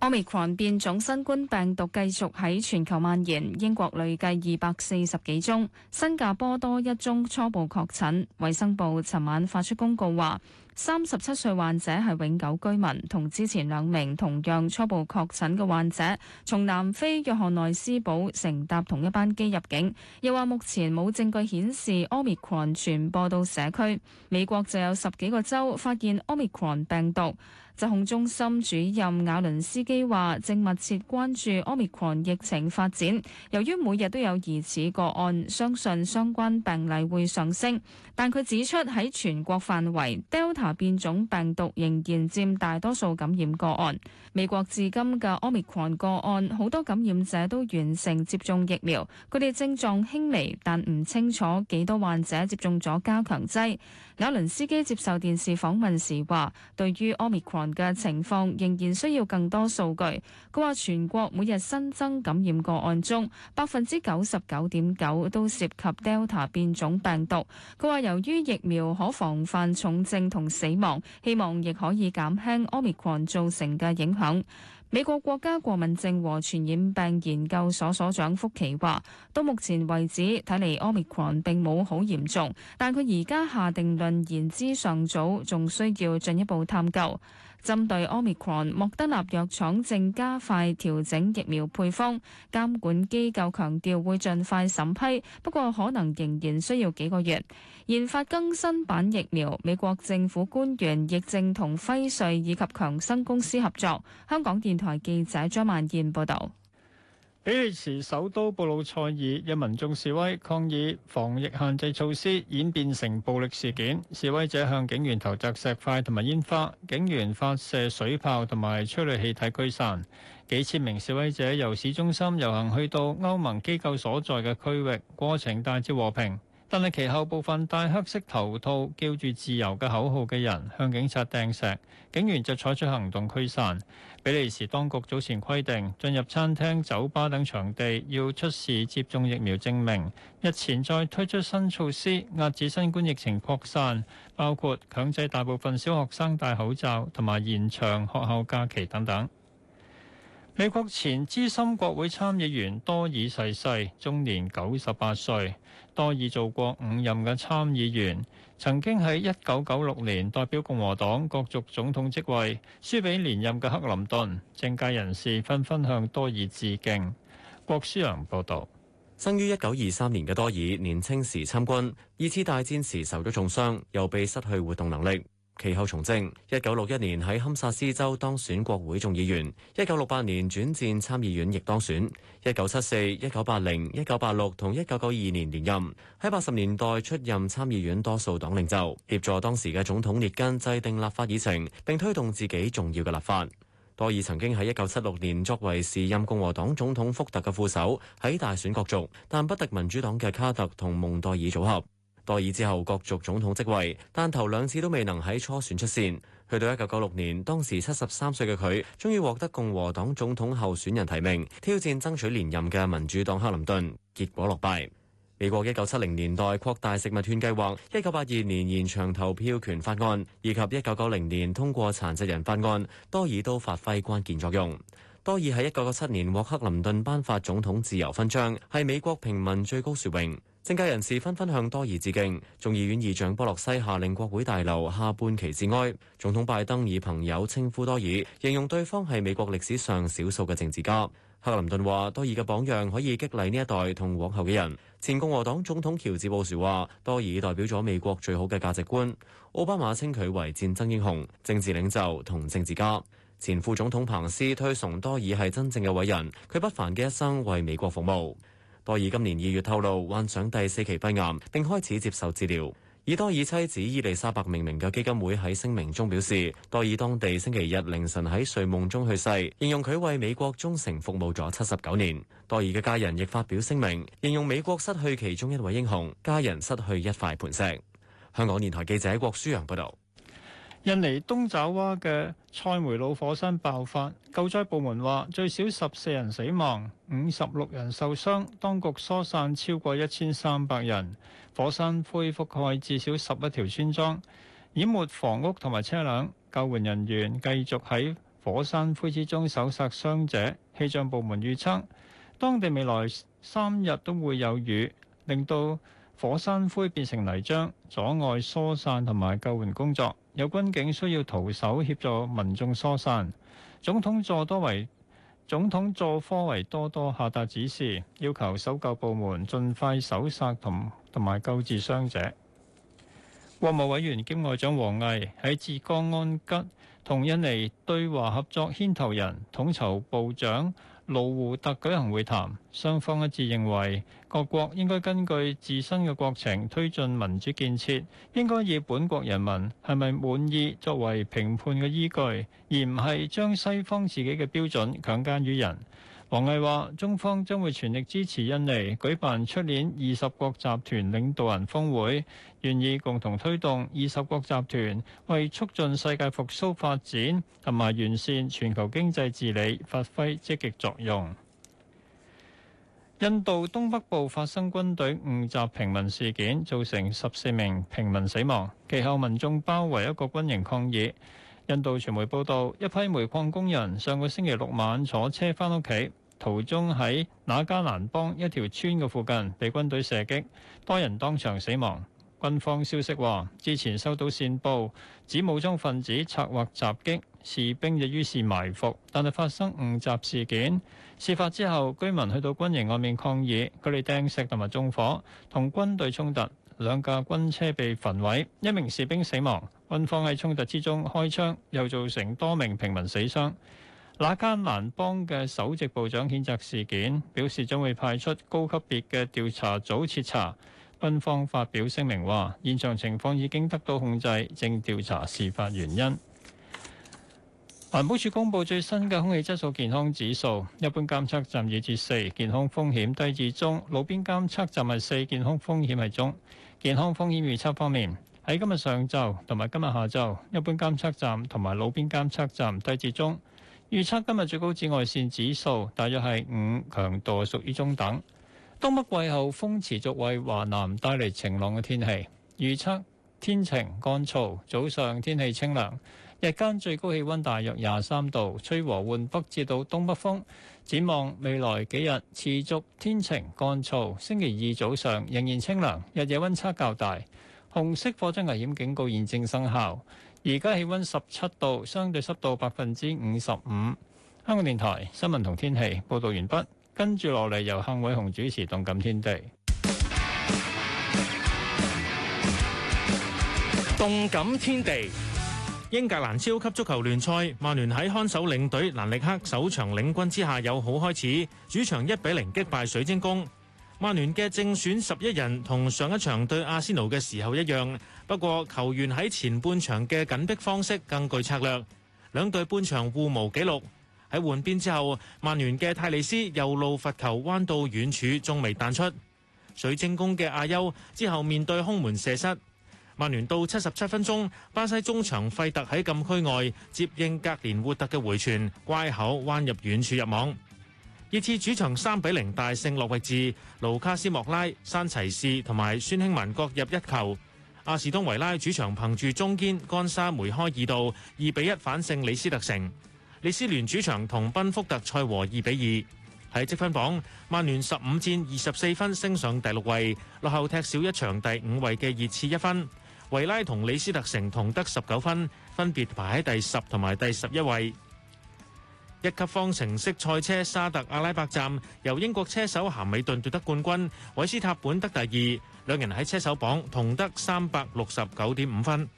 Omicron 變種新冠病毒繼續喺全球蔓延，英國累計二百四十幾宗，新加坡多一宗初步確診。衛生部尋晚發出公告話。三十七歲患者係永久居民，同之前兩名同樣初步確診嘅患者，從南非約翰內斯堡乘搭同一班機入境。又話目前冇證據顯示 Omicron 傳播到社區。美國就有十幾個州發現 Omicron 病毒。疾控中心主任瓦倫斯基話：正密切關注 Omicron 疫情發展，由於每日都有疑似個案，相信相關病例會上升。但佢指出喺全國範圍，Delta 變種病毒仍然佔大多數感染個案。美國至今嘅 Omicron 個案，好多感染者都完成接種疫苗，佢哋症狀輕微，但唔清楚幾多患者接種咗加強劑。瓦倫斯基接受電視訪問時話，對於 Omicron 嘅情況，仍然需要更多數據。佢話全國每日新增感染個案中，百分之九十九點九都涉及 Delta 變種病毒。佢話由於疫苗可防範重症同死亡，希望亦可以減輕 Omicron 造成嘅影響。美國國家過敏症和傳染病研究所所長福奇話：到目前為止，睇嚟 Omicron 並冇好嚴重，但佢而家下定論言之尚早，仲需要進一步探究。針對 Omicron，莫德納藥廠正加快調整疫苗配方，監管機構強調會盡快審批，不過可能仍然需要幾個月研發更新版疫苗。美國政府官員亦正同輝瑞以及強生公司合作。香港電台記者張曼燕報導。比利時首都布魯塞爾有民眾示威抗議防疫限制措施演變成暴力事件，示威者向警員投擲石塊同埋煙花，警員發射水炮同埋催淚氣體驅散。幾千名示威者由市中心遊行去到歐盟機構所在嘅區域，過程大致和平。但係，其後部分戴黑色頭套、叫住自由嘅口號嘅人向警察掟石，警員就採取行動驅散。比利時當局早前規定進入餐廳、酒吧等場地要出示接種疫苗證明。日前再推出新措施，壓止新冠疫情擴散，包括強制大部分小學生戴口罩，同埋延長學校假期等等。美國前資深國會參議員多爾逝世，終年九十八歲。多爾做過五任嘅參議員，曾經喺一九九六年代表共和黨角逐總統職位，輸俾連任嘅克林頓。政界人士紛紛向多爾致敬。郭書陽報導，生於一九二三年嘅多爾，年青時參軍，二次大戰時受咗重傷，又被失去活動能力。其後從政，一九六一年喺堪薩斯州當選國會眾議員，一九六八年轉戰參議院亦當選，一九七四、一九八零、一九八六同一九九二年連任。喺八十年代出任參議院多數黨領袖，協助當時嘅總統列根制定立法議程，並推動自己重要嘅立法。多爾曾經喺一九七六年作為時任共和黨總統福特嘅副手喺大選角逐，但不敵民主黨嘅卡特同蒙代爾組合。多爾之後角逐總統職位，但頭兩次都未能喺初選出線。去到一九九六年，當時七十三歲嘅佢，終於獲得共和黨總統候選人提名，挑戰爭取連任嘅民主黨克林頓，結果落敗。美國一九七零年代擴大食物券計劃、一九八二年延長投票權法案以及一九九零年通過殘疾人法案，多爾都發揮關鍵作用。多爾喺一九九七年獲克林頓頒發總統自由勳章，係美國平民最高殊榮。政界人士紛紛向多爾致敬。眾議院議長波洛西下令國會大樓下半旗致哀。總統拜登以朋友稱呼多爾，形容對方係美國歷史上少數嘅政治家。克林頓話：多爾嘅榜樣可以激勵呢一代同往後嘅人。前共和黨總統喬治布什話：多爾代表咗美國最好嘅價值觀。奧巴馬稱佢為戰爭英雄、政治領袖同政治家。前副總統彭斯推崇多爾係真正嘅偉人，佢不凡嘅一生為美國服務。多爾今年二月透露患上第四期肺癌，並開始接受治療。以多爾妻子伊麗莎白命名嘅基金會喺聲明中表示，多爾當地星期日凌晨喺睡夢中去世，形容佢為美國忠誠服務咗七十九年。多爾嘅家人亦發表聲明，形容美國失去其中一位英雄，家人失去一塊磐石。香港電台記者郭舒揚報道。印尼東爪哇嘅塞梅魯火山爆發，救災部門話最少十四人死亡，五十六人受傷。當局疏散超過一千三百人，火山灰覆蓋至少十一條村莊，淹沒房屋同埋車輛。救援人員繼續喺火山灰之中搜索傷者。氣象部門預測，當地未來三日都會有雨，令到火山灰變成泥漿，阻礙疏散同埋救援工作。有軍警需要徒手協助民眾疏散，總統佐多維，總統佐科維多多下達指示，要求搜救部門盡快搜索同同埋救治傷者。國務委員兼外長王毅喺浙江安吉同印尼對華合作牽頭人統籌部長盧胡特舉行會談，雙方一致認為，各國應該根據自身嘅國情推進民主建設，應該以本國人民係咪滿意作為評判嘅依據，而唔係將西方自己嘅標準強加於人。王毅話：中方將會全力支持印尼舉辦出年二十國集團領導人峰會，願意共同推動二十國集團為促進世界復甦發展同埋完善全球經濟治理發揮積極作用。印度東北部發生軍隊誤襲平民事件，造成十四名平民死亡，其後民眾包圍一個軍營抗議。印度傳媒報道，一批煤礦工人上個星期六晚坐車返屋企，途中喺那加蘭邦一條村嘅附近被軍隊射擊，多人當場死亡。軍方消息話，之前收到線報，指武裝分子策劃襲擊，士兵亦於是埋伏，但係發生誤襲事件。事發之後，居民去到軍營外面抗議，佢哋掟石同埋縱火，同軍隊衝突。兩架軍車被焚毀，一名士兵死亡。軍方喺衝突之中開槍，又造成多名平民死傷。那間蘭邦嘅首席部長譴責事件，表示將會派出高級別嘅調查組徹查。軍方發表聲明話，現場情況已經得到控制，正調查事發原因。環保署公布最新嘅空氣質素健康指數，一般監測站二至四，健康風險低至中；路邊監測站係四，健康風險係中。健康風險預測方面，喺今日上晝同埋今日下晝一般監測站同埋路邊監測站低至中，預測今日最高紫外線指數大約係五，強度屬於中等。東北季候風持續為華南帶嚟晴朗嘅天氣，預測天晴乾燥，早上天氣清涼。日間最高氣温大約廿三度，吹和緩北至到東北風。展望未來幾日持續天晴乾燥，星期二早上仍然清涼，日夜温差較大。紅色火災危險警告現正生效。而家氣温十七度，相對濕度百分之五十五。香港電台新聞同天氣報導完畢，跟住落嚟由幸偉雄主持《動感天地》。動感天地。英格蘭超級足球聯賽，曼聯喺看守領隊蘭力克首場領軍之下有好開始，主場一比零擊敗水晶宮。曼聯嘅正選十一人同上一場對阿仙奴嘅時候一樣，不過球員喺前半場嘅緊逼方式更具策略。兩隊半場互無紀錄，喺換邊之後，曼聯嘅泰利斯右路罰球彎到遠處，仲未彈出。水晶宮嘅阿優之後面對空門射失。曼聯到七十七分鐘，巴西中場費特喺禁區外接應格連活特嘅回傳，乖口彎入遠處入網。熱刺主場三比零大勝諾域治，盧卡斯莫拉、山齊士同埋孫興民各入一球。阿士東維拉主場憑住中堅干沙梅開二度，二比一反勝李斯特城。李斯聯主場同賓福特賽和二比二。喺積分榜，曼聯十五戰二十四分，升上第六位，落後踢少一場第五位嘅熱刺一分。維拉同李斯特城同得十九分，分別排喺第十同埋第十一位。一級方程式賽車沙特阿拉伯站由英國車手咸美頓奪得冠軍，韋斯塔本得第二，兩人喺車手榜同得三百六十九點五分。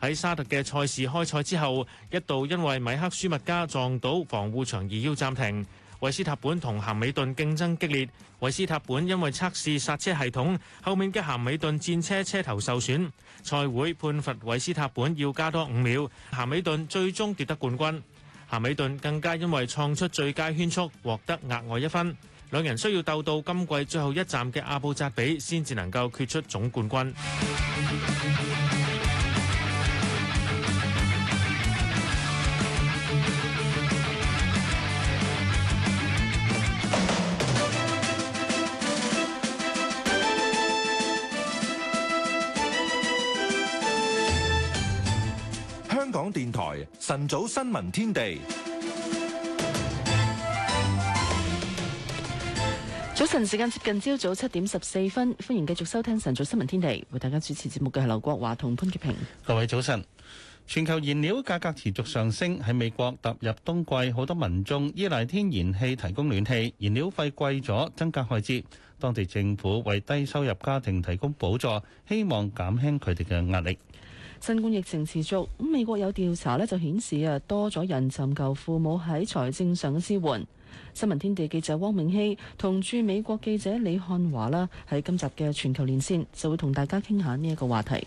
喺沙特嘅賽事開賽之後，一度因為米克舒密加撞到防護牆而要暫停。維斯塔本同咸美頓競爭激烈，維斯塔本因為測試剎車系統，後面嘅咸美頓戰車車頭受損，賽會判罰維斯塔本要加多五秒，咸美頓最終奪得冠軍。咸美頓更加因為創出最佳圈速，獲得額外一分。兩人需要鬥到今季最後一站嘅阿布扎比，先至能夠決出總冠軍。港電台晨早新聞天地，早晨時間接近朝早七點十四分。歡迎繼續收聽晨早新聞天地，為大家主持節目嘅係劉國華同潘潔平。各位早晨，全球燃料價格持續上升，喺美國踏入冬季，好多民眾依賴天然氣提供暖氣，燃料費貴咗，增加開支。當地政府為低收入家庭提供補助，希望減輕佢哋嘅壓力。新冠疫情持續，咁美國有調查咧就顯示啊，多咗人尋求父母喺財政上嘅支援。新聞天地記者汪明希同駐美國記者李漢華啦，喺今集嘅全球連線就會同大家傾下呢一個話題。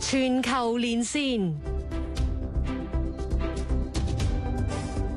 全球連線。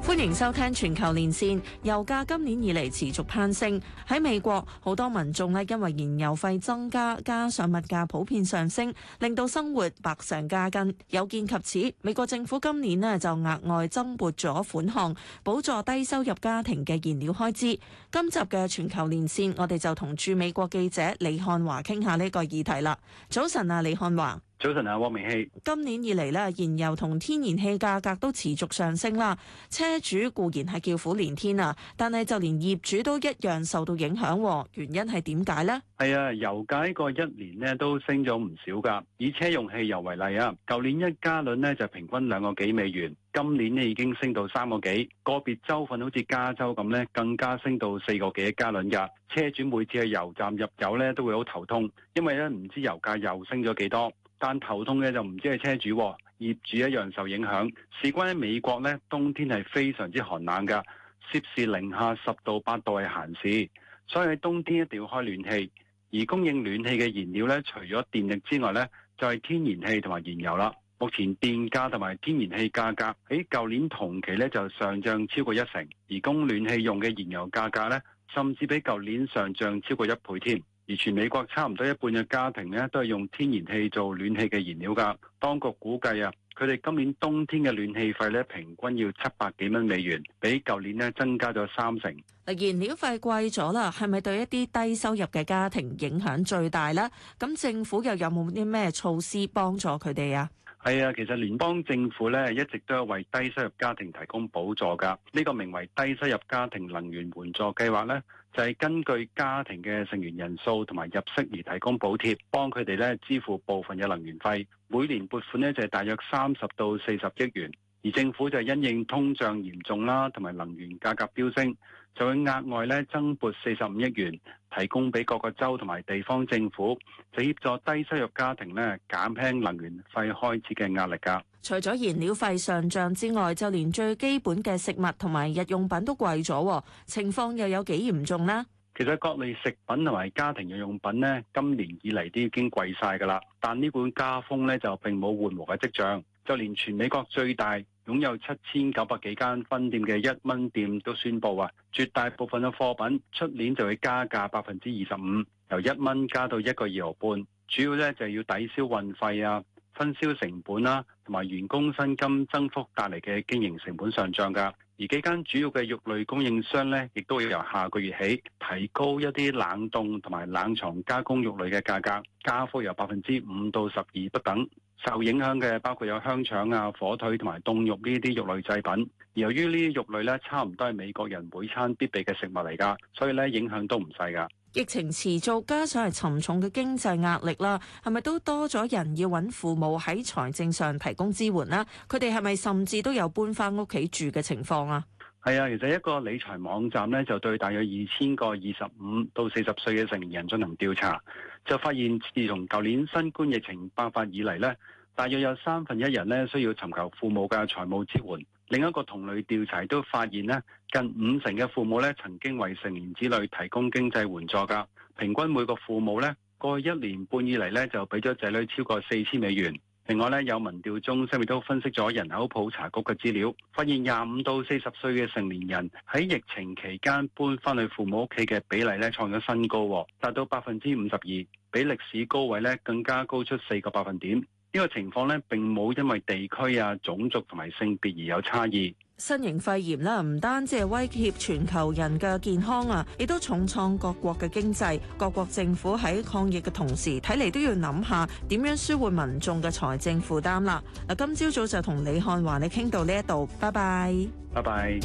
歡迎收聽全球連線。油價今年以嚟，持續攀升，喺美國好多民眾呢因為燃油費增加，加上物價普遍上升，令到生活百上加斤。有見及此，美國政府今年呢就額外增撥咗款項，補助低收入家庭嘅燃料開支。今集嘅全球連線，我哋就同駐美國記者李漢華傾下呢個議題啦。早晨啊，李漢華。早晨啊，汪明希。今年以嚟咧，燃油同天然氣價格都持續上升啦。車主固然係叫苦連天啊，但係就連業主都一樣受到影響。原因係點解咧？係啊，油價咧個一年咧都升咗唔少噶。以車用汽油為例啊，舊年一加侖咧就平均兩個幾美元，今年咧已經升到三個幾。個別州份好似加州咁咧，更加升到四個幾一加侖噶。車主每次去油站入油咧都會好頭痛，因為咧唔知油價又升咗幾多。但頭痛嘅就唔知係車主、啊、業主一樣受影響。事關喺美國呢冬天係非常之寒冷㗎，攝氏零下十度、八度係閒事，所以喺冬天一定要開暖氣。而供應暖氣嘅燃料呢，除咗電力之外呢，就係、是、天然氣同埋燃油啦。目前電價同埋天然氣價格喺舊年同期呢就上漲超過一成，而供暖氣用嘅燃油價格呢，甚至比舊年上漲超過一倍添。而全美國差唔多一半嘅家庭咧，都係用天然氣做暖氣嘅燃料噶。當局估計啊，佢哋今年冬天嘅暖氣費咧，平均要七百幾蚊美元，比舊年咧增加咗三成。燃料費貴咗啦，係咪對一啲低收入嘅家庭影響最大呢？咁政府又有冇啲咩措施幫助佢哋啊？係啊，其實聯邦政府咧一直都有為低收入家庭提供補助噶。呢個名為低收入家庭能源援助計劃咧。就係根據家庭嘅成員人數同埋入息而提供補貼，幫佢哋咧支付部分嘅能源費。每年撥款咧就係大約三十到四十億元，而政府就係因應通脹嚴重啦，同埋能源價格飆升，就會額外咧增撥四十五億元，提供俾各個州同埋地方政府，就協助低收入家庭咧減輕能源費開支嘅壓力㗎。除咗燃料費上漲之外，就連最基本嘅食物同埋日用品都貴咗，情況又有幾嚴重呢？其實各類食品同埋家庭日用品咧，今年以嚟都已經貴晒㗎啦，但呢本加風咧就並冇緩和嘅跡象，就連全美國最大擁有七千九百幾間分店嘅一蚊店都宣布啊，絕大部分嘅貨品出年就會加價百分之二十五，由一蚊加到一個二毫半。主要咧就要抵消運費啊、分銷成本啦，同埋員工薪金增幅帶嚟嘅經營成本上漲㗎。而幾間主要嘅肉類供應商咧，亦都要由下個月起提高一啲冷凍同埋冷藏加工肉類嘅價格，加幅由百分之五到十二不等。受影響嘅包括有香腸啊、火腿同埋凍肉呢啲肉類製品。由於呢啲肉類咧，差唔多係美國人每餐必備嘅食物嚟㗎，所以咧影響都唔細㗎。疫情持續加上係沉重嘅經濟壓力啦，係咪都多咗人要揾父母喺財政上提供支援啦？佢哋係咪甚至都有搬返屋企住嘅情況啊？係啊，其實一個理財網站咧，就對大約二千個二十五到四十歲嘅成年人進行調查。就發現，自從舊年新冠疫情爆發以嚟呢，大約有三分一人咧，需要尋求父母嘅財務支援。另一個同類調查都發現咧，近五成嘅父母咧曾經為成年子女提供經濟援助㗎。平均每個父母咧過去一年半以嚟咧就俾咗仔女超過四千美元。另外咧，有民調中心亦都分析咗人口普查局嘅資料，發現廿五到四十歲嘅成年人喺疫情期間搬翻去父母屋企嘅比例咧，創咗新高，達到百分之五十二，比歷史高位咧更加高出四個百分點。呢個情況呢，並冇因為地區啊、種族同埋性別而有差異。新型肺炎啦，唔單止係威脅全球人嘅健康啊，亦都重創各國嘅經濟。各國政府喺抗疫嘅同時，睇嚟都要諗下點樣舒緩民眾嘅財政負擔啦。嗱，今朝早就同李漢華你傾到呢一度，拜拜。拜拜。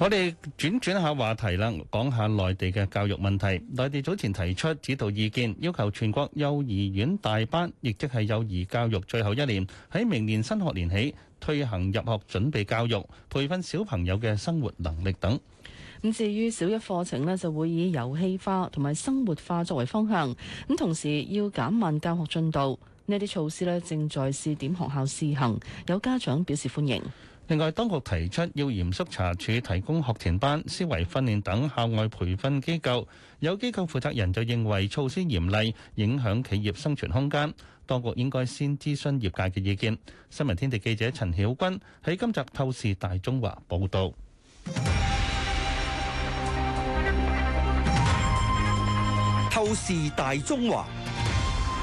我哋轉轉下話題啦，講下內地嘅教育問題。內地早前提出指導意見，要求全國幼兒園大班，亦即係幼兒教育最後一年，喺明年新學年起推行入學準備教育，培訓小朋友嘅生活能力等。咁至於小一課程呢，就會以遊戲化同埋生活化作為方向，咁同時要減慢教學進度。呢啲措施呢，正在試點學校試行，有家長表示歡迎。另外，當局提出要嚴肅查處提供學前班、思維訓練等校外培訓機構，有機構負責人就認為措施嚴厲，影響企業生存空間。當局應該先諮詢業界嘅意見。新聞天地記者陳曉君喺今集《透視大中華》報導。《透視大中華》。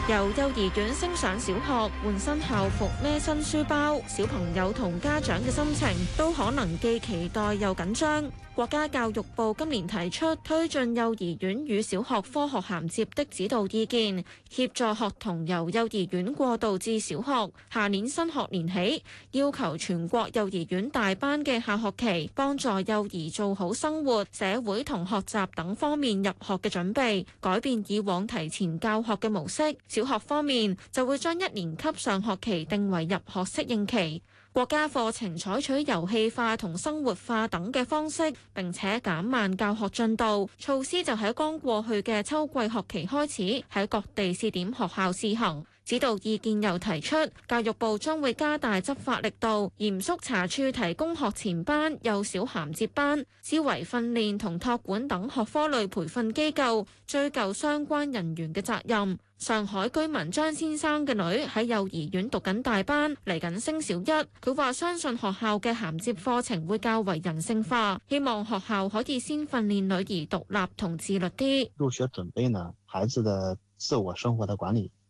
由幼兒園升上小學，換新校服，孭新書包，小朋友同家長嘅心情都可能既期待又緊張。國家教育部今年提出推進幼兒園與小學科學銜接的指導意見，協助學童由幼兒園過渡至小學。下年新學年起，要求全國幼兒園大班嘅下學期，幫助幼兒做好生活、社會同學習等方面入學嘅準備，改變以往提前教學嘅模式。小學方面就會將一年級上學期定為入學適應期。國家課程採取遊戲化同生活化等嘅方式，並且減慢教學進度。措施就喺剛過去嘅秋季學期開始，喺各地試點學校試行。指導意見又提出，教育部將會加大執法力度，嚴肅查處提供學前班、幼小銜接班、思維訓練同托管等學科類培訓機構，追究相關人員嘅責任。上海居民張先生嘅女喺幼兒園讀緊大班，嚟緊升小一。佢話：相信學校嘅銜接課程會較為人性化，希望學校可以先訓練女兒獨立同自律啲。入學準備呢，孩子的自我生活的管理。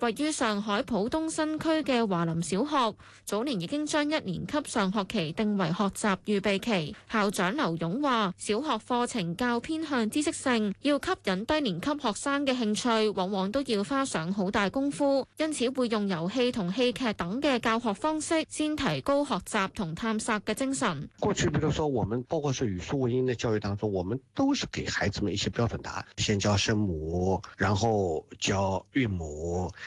位於上海浦東新區嘅華林小學早年已經將一年級上學期定為學習預備期。校長劉勇話，小學課程較偏向知識性，要吸引低年級學生嘅興趣，往往都要花上好大功夫。因此會用遊戲同戲劇等嘅教學方式，先提高學習同探索嘅精神。過去，比如說，我們包括是語數英嘅教育當中，我們都是給孩子們一些標準答案，先教聲母，然後教韻母。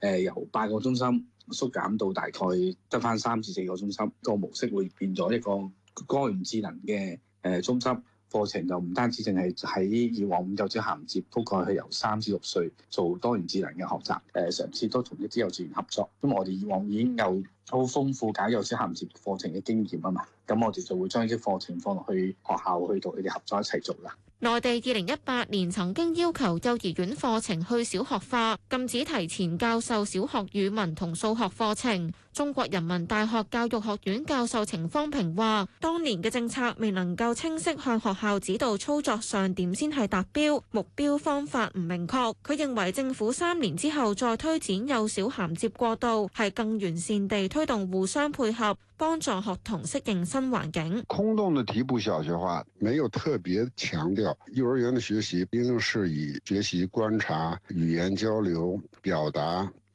誒由八個中心縮減到大概得返三至四個中心，個模式會變咗一個多元智能嘅誒中心課程，就唔單止淨係喺以往幼小銜接覆蓋，係由三至六歲做多元智能嘅學習。誒、呃，成次都同一啲幼稚園合作，因為我哋以往已經有好豐富搞幼小銜接課程嘅經驗啊嘛，咁我哋就會將呢啲課程放落去學校去到佢哋合作一齊做啦。內地二零一八年曾經要求幼兒園課程去小學化，禁止提前教授小學語文同數學課程。中國人民大學教育學院教授程方平話：當年嘅政策未能夠清晰向學校指導操作上點先係達標，目標方法唔明確。佢認為政府三年之後再推展幼小銜接過渡，係更完善地推動互相配合，幫助學童適應新環境。空洞嘅提步小學化，沒有特別強調幼兒園的學習，應該是以學習觀察、語言交流、表達。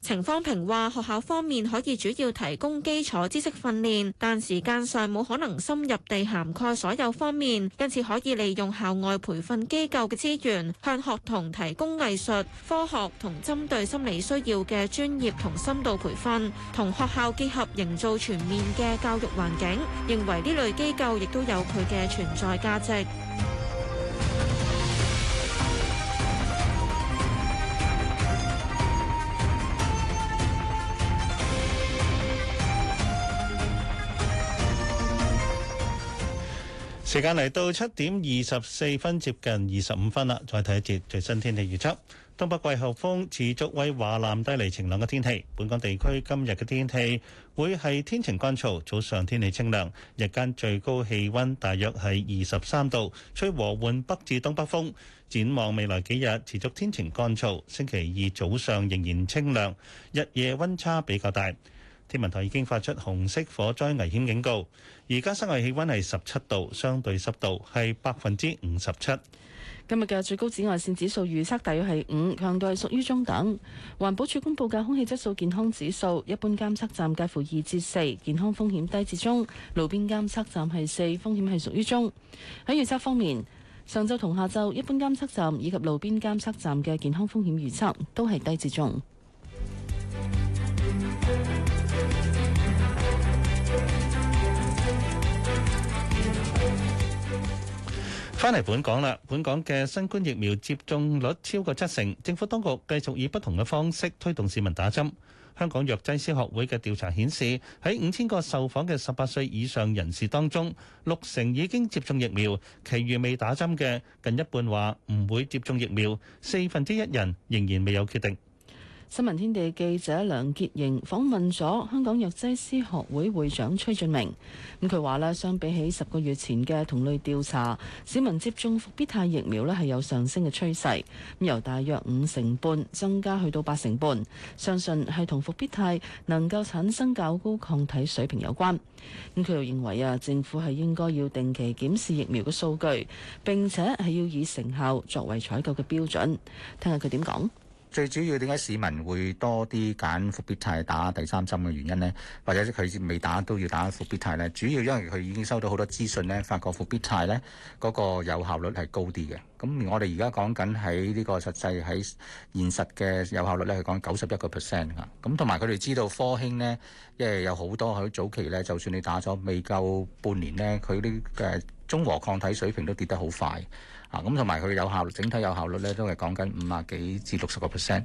程方平話：學校方面可以主要提供基礎知識訓練，但時間上冇可能深入地涵蓋所有方面，因此可以利用校外培訓機構嘅資源，向學童提供藝術、科學同針對心理需要嘅專業同深度培訓，同學校結合，營造全面嘅教育環境。認為呢類機構亦都有佢嘅存在價值。時間嚟到七點二十四分，接近二十五分啦。再睇一節最新天氣預測。東北季候風持續為華南帶嚟晴朗嘅天氣。本港地區今日嘅天氣會係天晴乾燥，早上天氣清涼，日間最高氣温大約係二十三度，吹和緩北至東北風。展望未來幾日持續天晴乾燥，星期二早上仍然清涼，日夜温差比較大。天文台已經發出紅色火災危險警告。而家室外氣溫係十七度，相對濕度係百分之五十七。今日嘅最高紫外線指數預測大約係五，強度係屬於中等。環保署公布嘅空氣質素健康指數，一般監測站介乎二至四，健康風險低至中；路邊監測站係四，風險係屬於中。喺預測方面，上晝同下晝，一般監測站以及路邊監測站嘅健康風險預測都係低至中。翻嚟本港啦，本港嘅新冠疫苗接種率超過七成，政府當局繼續以不同嘅方式推動市民打針。香港藥劑師學會嘅調查顯示，喺五千個受訪嘅十八歲以上人士當中，六成已經接種疫苗，其餘未打針嘅近一半話唔會接種疫苗，四分之一人仍然未有決定。新聞天地記者梁潔瑩訪問咗香港藥劑師學會會長崔俊明，咁佢話呢，相比起十個月前嘅同類調查，市民接種復必泰疫苗呢係有上升嘅趨勢，咁由大約五成半增加去到八成半，相信係同復必泰能夠產生較高抗體水平有關。咁佢又認為啊，政府係應該要定期檢視疫苗嘅數據，並且係要以成效作為採購嘅標準。聽下佢點講。最主要點解市民會多啲揀復必泰打第三針嘅原因呢？或者佢未打都要打復必泰呢？主要因為佢已經收到好多資訊呢，發覺復必泰呢嗰個有效率係高啲嘅。咁我哋而家講緊喺呢個實際喺現實嘅有效率呢，係講九十一個 percent 㗎。咁同埋佢哋知道科興呢，因為有好多喺早期呢，就算你打咗未夠半年呢，佢啲嘅中和抗體水平都跌得好快。啊，咁同埋佢有效率，整體有效率咧都係講緊五啊幾至六十個 percent，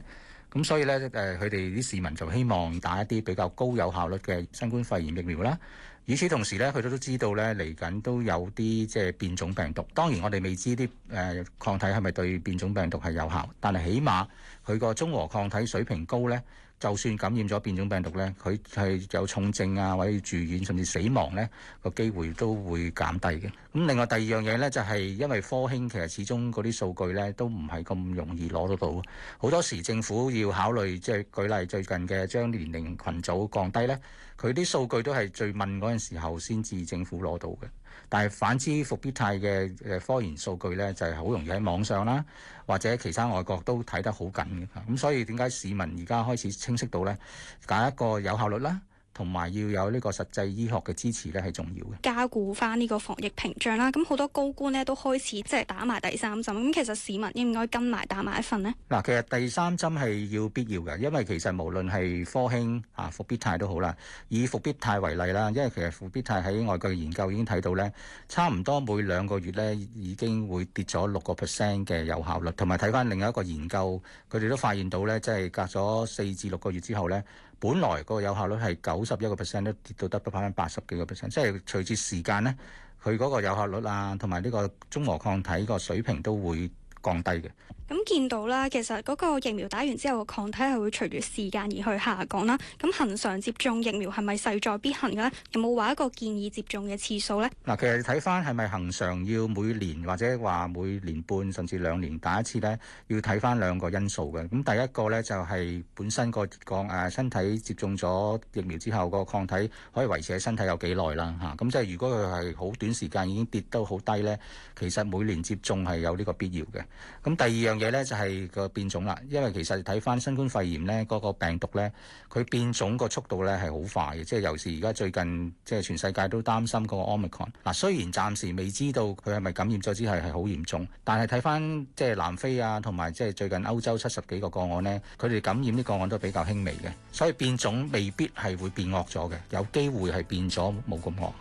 咁所以咧誒，佢哋啲市民就希望打一啲比較高有效率嘅新冠肺炎疫苗啦。與此同時咧，佢哋都知道咧嚟緊都有啲即係變種病毒。當然我哋未知啲誒抗體係咪對變種病毒係有效，但係起碼佢個中和抗體水平高咧，就算感染咗變種病毒呢，佢係有重症啊，或者住院甚至死亡呢個機會都會減低嘅。咁另外第二樣嘢呢，就係因為科興其實始終嗰啲數據呢都唔係咁容易攞得到，好多時政府要考慮即係舉例最近嘅將年齡群組降低呢，佢啲數據都係最問嗰陣時候先至政府攞到嘅。但係反之，復必泰嘅科研數據咧，就係、是、好容易喺網上啦，或者其他外國都睇得好緊嘅。咁所以點解市民而家開始清晰到咧，揀一個有效率啦？同埋要有呢個實際醫學嘅支持咧，係重要嘅，加固翻呢個防疫屏障啦。咁好多高官咧都開始即係打埋第三針，咁其實市民應唔應該跟埋打埋一份呢？嗱，其實第三針係要必要嘅，因為其實無論係科興啊、復必泰都好啦，以復必泰為例啦，因為其實復必泰喺外國嘅研究已經睇到咧，差唔多每兩個月咧已經會跌咗六個 percent 嘅有效率，同埋睇翻另一個研究，佢哋都發現到咧，即係隔咗四至六個月之後咧。本來個有效率係九十一個 percent，都跌到得百分之八十幾個 percent，即係隨住時間咧，佢嗰個有效率啊，同埋呢個中和抗體個水平都會降低嘅。咁見到啦，其實嗰個疫苗打完之後個抗體係會隨住時間而去下降啦。咁恒常接種疫苗係咪勢在必行嘅咧？有冇話一個建議接種嘅次數咧？嗱，其實睇翻係咪恒常要每年或者話每年半甚至兩年打一次咧，要睇翻兩個因素嘅。咁第一個咧就係本身個講誒身體接種咗疫苗之後個抗體可以維持喺身體有幾耐啦嚇。咁即係如果佢係好短時間已經跌到好低咧，其實每年接種係有呢個必要嘅。咁第二樣。嘢咧就係個變種啦，因為其實睇翻新冠肺炎咧嗰個病毒咧，佢變種個速度咧係好快嘅，即係尤其而家最近即係全世界都擔心嗰個 Omicron。嗱，雖然暫時未知道佢係咪感染咗之後係好嚴重，但係睇翻即係南非啊，同埋即係最近歐洲七十幾個個案咧，佢哋感染啲個案都比較輕微嘅，所以變種未必係會變惡咗嘅，有機會係變咗冇咁惡。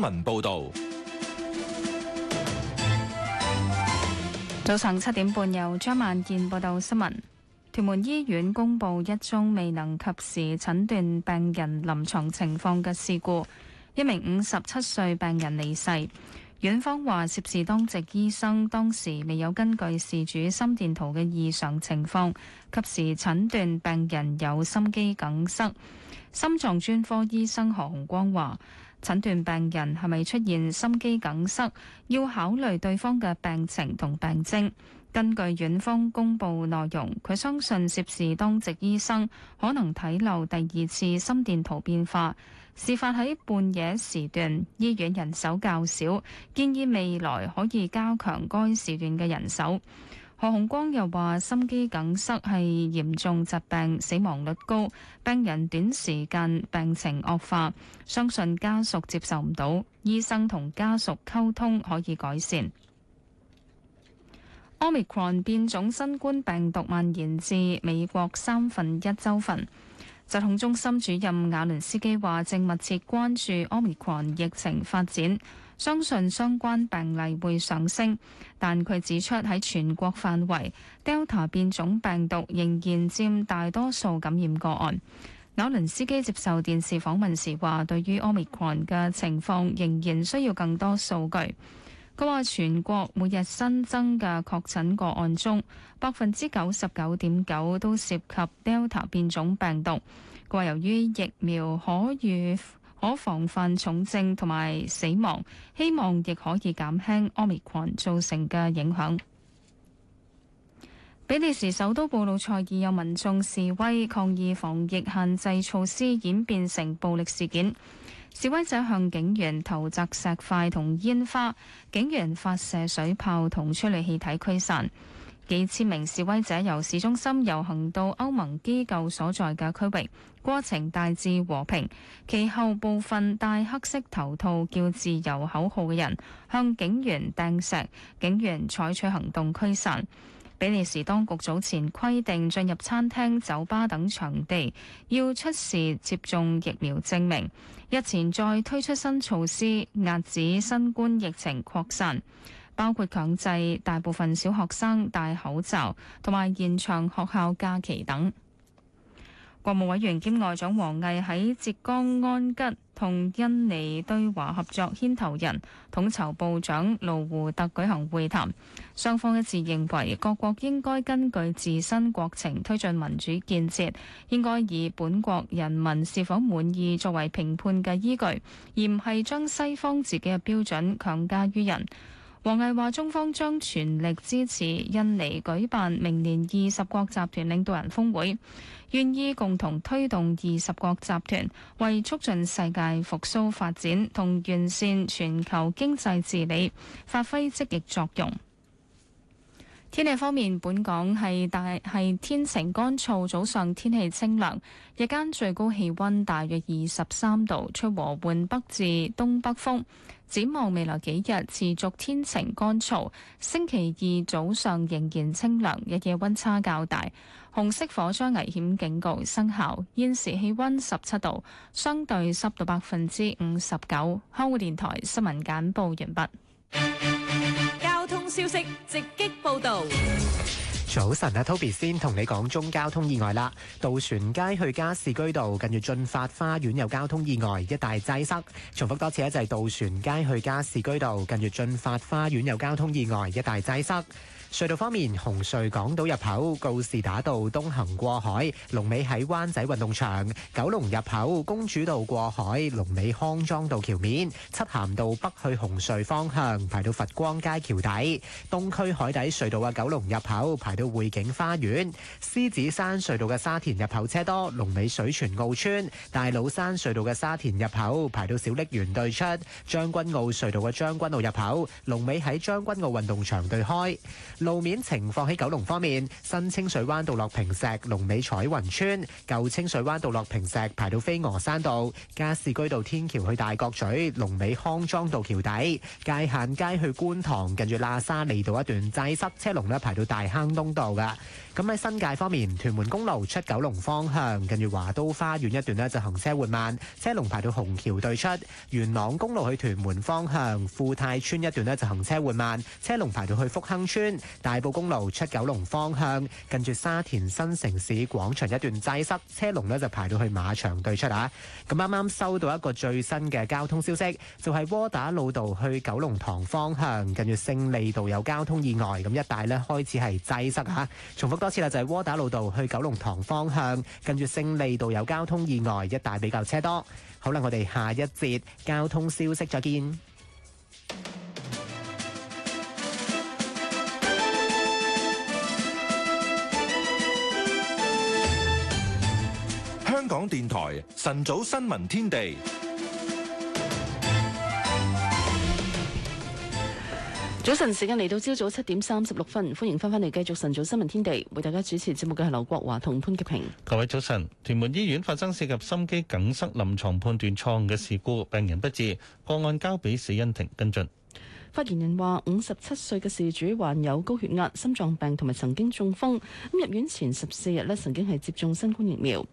新聞報道。早上七點半有，由張萬健報道新聞。屯門醫院公佈一宗未能及時診斷病人臨床情況嘅事故，一名五十七歲病人離世。院方話涉事當值醫生當時未有根據事主心電圖嘅異常情況，及時診斷病人有心肌梗塞。心臟專科醫生何洪光話。診斷病人係咪出現心肌梗塞，要考慮對方嘅病情同病徵。根據院方公佈內容，佢相信涉事當值醫生可能睇漏第二次心電圖變化。事發喺半夜時段，醫院人手較少，建議未來可以加強該時段嘅人手。何鴻光又話：心肌梗塞係嚴重疾病，死亡率高，病人短時間病情惡化，相信家屬接受唔到，醫生同家屬溝通可以改善。Omicron 變種新冠病毒蔓延至美國三分一州份，疾控中心主任瓦倫斯基話：正密切關注 Omicron 疫情發展。相信相關病例會上升，但佢指出喺全國範圍，Delta 變種病毒仍然佔大多數感染個案。瓦倫斯基接受電視訪問時話，對於 Omicron 嘅情況，仍然需要更多數據。佢話全國每日新增嘅確診個案中，百分之九十九點九都涉及 Delta 變種病毒。佢話由於疫苗可預，可防範重症同埋死亡，希望亦可以減輕 Omicron 造成嘅影響。比利時首都布魯塞爾有民眾示威抗議防疫限制措施演變成暴力事件，示威者向警員投擲石塊同煙花，警員發射水炮同催淚氣體驅散。幾千名示威者由市中心遊行到歐盟機構所在嘅區域，過程大致和平。其後部分戴黑色頭套、叫自由口號嘅人向警員掟石，警員採取行動驅散。比利時當局早前規定進入餐廳、酒吧等場地要出示接種疫苗證明，日前再推出新措施，壓止新冠疫情擴散。包括強制大部分小學生戴口罩，同埋延長學校假期等。國務委員兼外長王毅喺浙江安吉同印尼對華合作牽頭人統籌部長盧胡特舉行會談，雙方一致認為各國應該根據自身國情推進民主建設，應該以本國人民是否滿意作為評判嘅依據，而唔係將西方自己嘅標準強加於人。王毅話：中方將全力支持印尼舉辦明年二十國集團領導人峰會，願意共同推動二十國集團為促進世界復甦發展同完善全球經濟治理發揮積極作用。天氣方面，本港係大係天晴乾燥，早上天氣清涼，日間最高氣温大約二十三度，吹和緩北至東北風。展望未來幾日持續天晴乾燥，星期二早上仍然清涼，日夜温差較大。紅色火災危險警告生效，現時氣温十七度，相對濕度百分之五十九。香港電台新聞簡報完畢。交通消息直擊報導。早晨啊，Toby 先同你講中交通意外啦，渡船街去加士居道近住駿發花園有交通意外，一大擠塞。重複多次啦，就係渡船街去加士居道近住駿發花園有交通意外，一大擠塞。隧道方面，紅隧港島入口告士打道東行過海，龍尾喺灣仔運動場；九龍入口公主道過海，龍尾康莊道橋面；漆咸道北去紅隧方向排到佛光街橋底；東區海底隧道嘅九龍入口排到匯景花園；獅子山隧道嘅沙田入口車多，龍尾水泉澳村；大老山隧道嘅沙田入口排到小瀝源對出；將軍澳隧道嘅將軍澳入口龍尾喺將軍澳運動場對開。路面情況喺九龍方面，新清水灣道落坪石、龍尾彩雲村、舊清水灣道落坪石排到飛鵝山道、加士居道天橋去大角咀、龍尾康莊道橋底、界限街去觀塘，近住喇沙利道一段擠塞車龍咧排到大坑東道嘅。咁喺新界方面，屯門公路出九龍方向，近住華都花園一段咧，就行車緩慢，車龍排到虹橋對出；元朗公路去屯門方向，富泰邨一段咧，就行車緩慢，車龍排到去福亨村；大埔公路出九龍方向，近住沙田新城市廣場一段擠塞，車龍咧就排到去馬場對出啊！咁啱啱收到一個最新嘅交通消息，就係窩打老道去九龍塘方向，近住勝利道有交通意外，咁一帶咧開始係擠塞啊！重複。次啦，就係窩打老道去九龍塘方向，近住勝利道有交通意外，一帶比較車多。好啦，我哋下一節交通消息再見。香港電台晨早新聞天地。早晨時間嚟到，朝早七點三十六分，歡迎翻返嚟繼續晨早新聞天地，為大家主持節目嘅係劉國華同潘潔平。各位早晨，屯門醫院發生涉及心肌梗塞臨床判斷錯誤嘅事故，病人不治，個案交俾死因庭跟進。發言人話：五十七歲嘅事主患有高血壓、心臟病，同埋曾經中風。咁入院前十四日咧，曾經係接種新冠疫苗。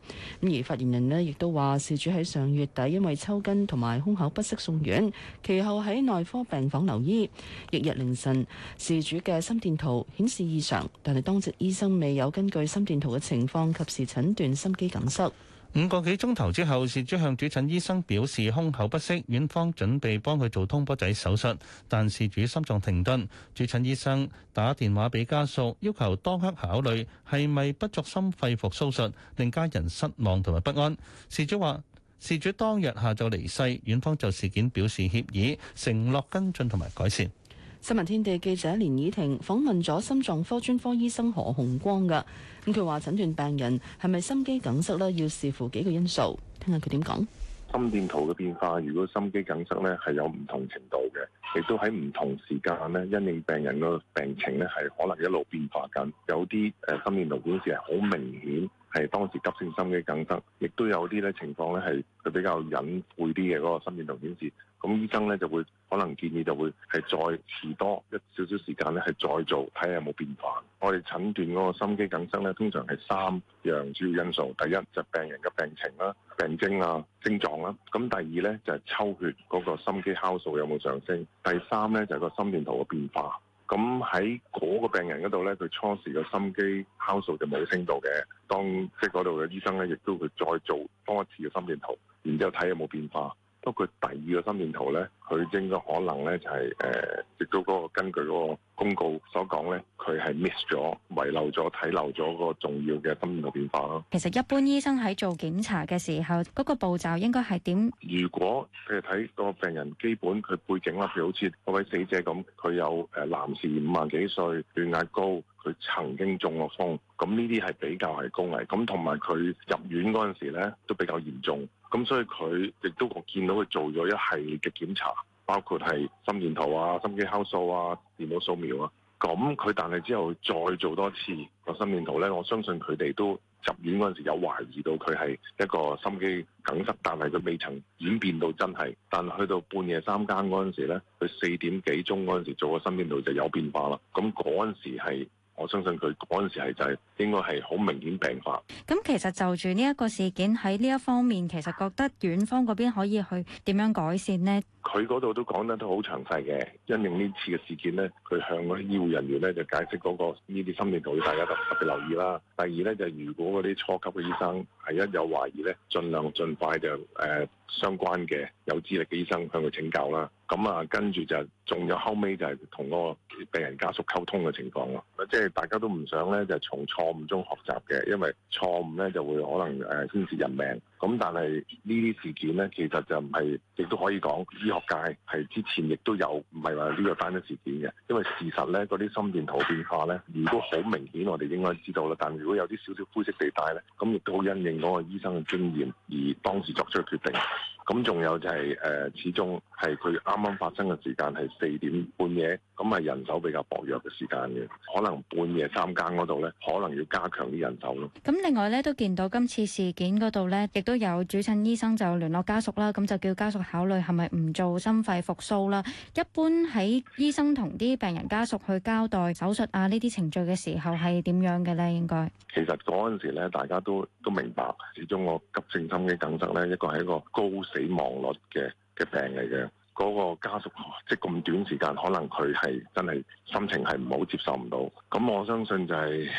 咁而發言人咧亦都話，事主喺上月底因為抽筋同埋胸口不適送院，其後喺內科病房留醫，翌日凌晨事主嘅心電圖顯示異常，但係當值醫生未有根據心電圖嘅情況及時診斷心肌梗塞。五個幾鐘頭之後，事主向主診醫生表示胸口不適，院方準備幫佢做通波仔手術，但事主心臟停頓。主診醫生打電話俾家屬，要求當刻考慮係咪不作心肺復蘇術，令家人失望同埋不安。事主話：事主當日下晝離世，院方就事件表示歉意，承諾跟進同埋改善。新聞天地記者連以婷訪問咗心臟科專科醫生何洪光嘅，咁佢話診斷病人係咪心肌梗塞咧，要視乎幾個因素，聽下佢點講。心電圖嘅變化，如果心肌梗塞咧，係有唔同程度嘅，亦都喺唔同時間咧，因應病人個病情咧，係可能一路變化緊，有啲誒心電圖顯示係好明顯，係當時急性心肌梗塞，亦都有啲咧情況咧係佢比較隱晦啲嘅嗰個心電圖顯示，咁醫生咧就會可能建議就會係再遲多一少少時間咧係再做睇下有冇變化。我哋診斷嗰個心肌梗塞咧，通常係三樣主要因素：第一就係病人嘅病情啦、病徵啊、症狀啦；咁第二咧就係抽血嗰個心肌酵素有冇上升；第三咧就係個心電圖嘅變化。咁喺嗰個病人嗰度咧，佢初時嘅心肌酵素就冇升到嘅。當即係嗰度嘅醫生咧，亦都會再做多一次嘅心電圖，然之後睇有冇變化。不過第二個心電圖咧，佢應該可能咧就係、是、誒，亦都嗰個根據嗰個公告所講咧，佢係 miss 咗遺漏咗睇漏咗個重要嘅心電圖變化咯。其實一般醫生喺做檢查嘅時候，嗰、那個步驟應該係點？如果譬如睇個病人基本佢背景啦，譬如好似嗰位死者咁，佢有誒男士五萬幾歲，血壓高。佢曾經中過風，咁呢啲係比較係高危，咁同埋佢入院嗰陣時咧都比較嚴重，咁所以佢亦都我見到佢做咗一系列嘅檢查，包括係心電圖啊、心肌酵素啊、電腦掃描啊，咁佢但係之後再做多次個心電圖呢，我相信佢哋都入院嗰陣時有懷疑到佢係一個心肌梗塞，但係佢未曾演變到真係，但去到半夜三更嗰陣時咧，佢四點幾鐘嗰陣時做個心電圖就有變化啦，咁嗰陣時係。我相信佢嗰陣時係就係應該係好明顯病發。咁其實就住呢一個事件喺呢一方面，其實覺得院方嗰邊可以去點樣改善呢？佢嗰度都講得都好詳細嘅，因應呢次嘅事件咧，佢向嗰啲醫護人員咧就解釋嗰、那個呢啲心電圖要大家特別留意啦。第二咧就如果嗰啲初級嘅醫生係一有懷疑咧，儘量盡快就誒、呃、相關嘅有資歷嘅醫生向佢請教啦。咁啊，跟住就仲有後尾就係同個病人家屬溝通嘅情況咯。即係大家都唔想咧，就從錯誤中學習嘅，因為錯誤咧就會可能誒、呃、牽涉人命。咁但係呢啲事件咧，其實就唔係，亦都可以講醫學界係之前亦都有唔係話呢個單一事件嘅。因為事實咧，嗰啲心電圖變化咧，如果好明顯，我哋應該知道啦。但如果有啲少少灰色地帶咧，咁亦都好因應嗰個醫生嘅經驗而當時作出決定。咁仲有就係、是、誒、呃，始終係佢啱啱發生嘅時間係四點半夜。咁係人手比較薄弱嘅時間嘅，可能半夜三更嗰度咧，可能要加強啲人手咯。咁另外咧，都見到今次事件嗰度咧，亦都有主診醫生就聯絡家屬啦，咁就叫家屬考慮係咪唔做心肺復甦啦。一般喺醫生同啲病人家屬去交代手術啊呢啲程序嘅時候係點樣嘅咧？應該其實嗰陣時咧，大家都都明白，始終個急性心肌梗塞咧，一個係一個高死亡率嘅嘅病嚟嘅。嗰個家屬即係咁短時間，可能佢係真係心情係唔好接受唔到。咁我相信就係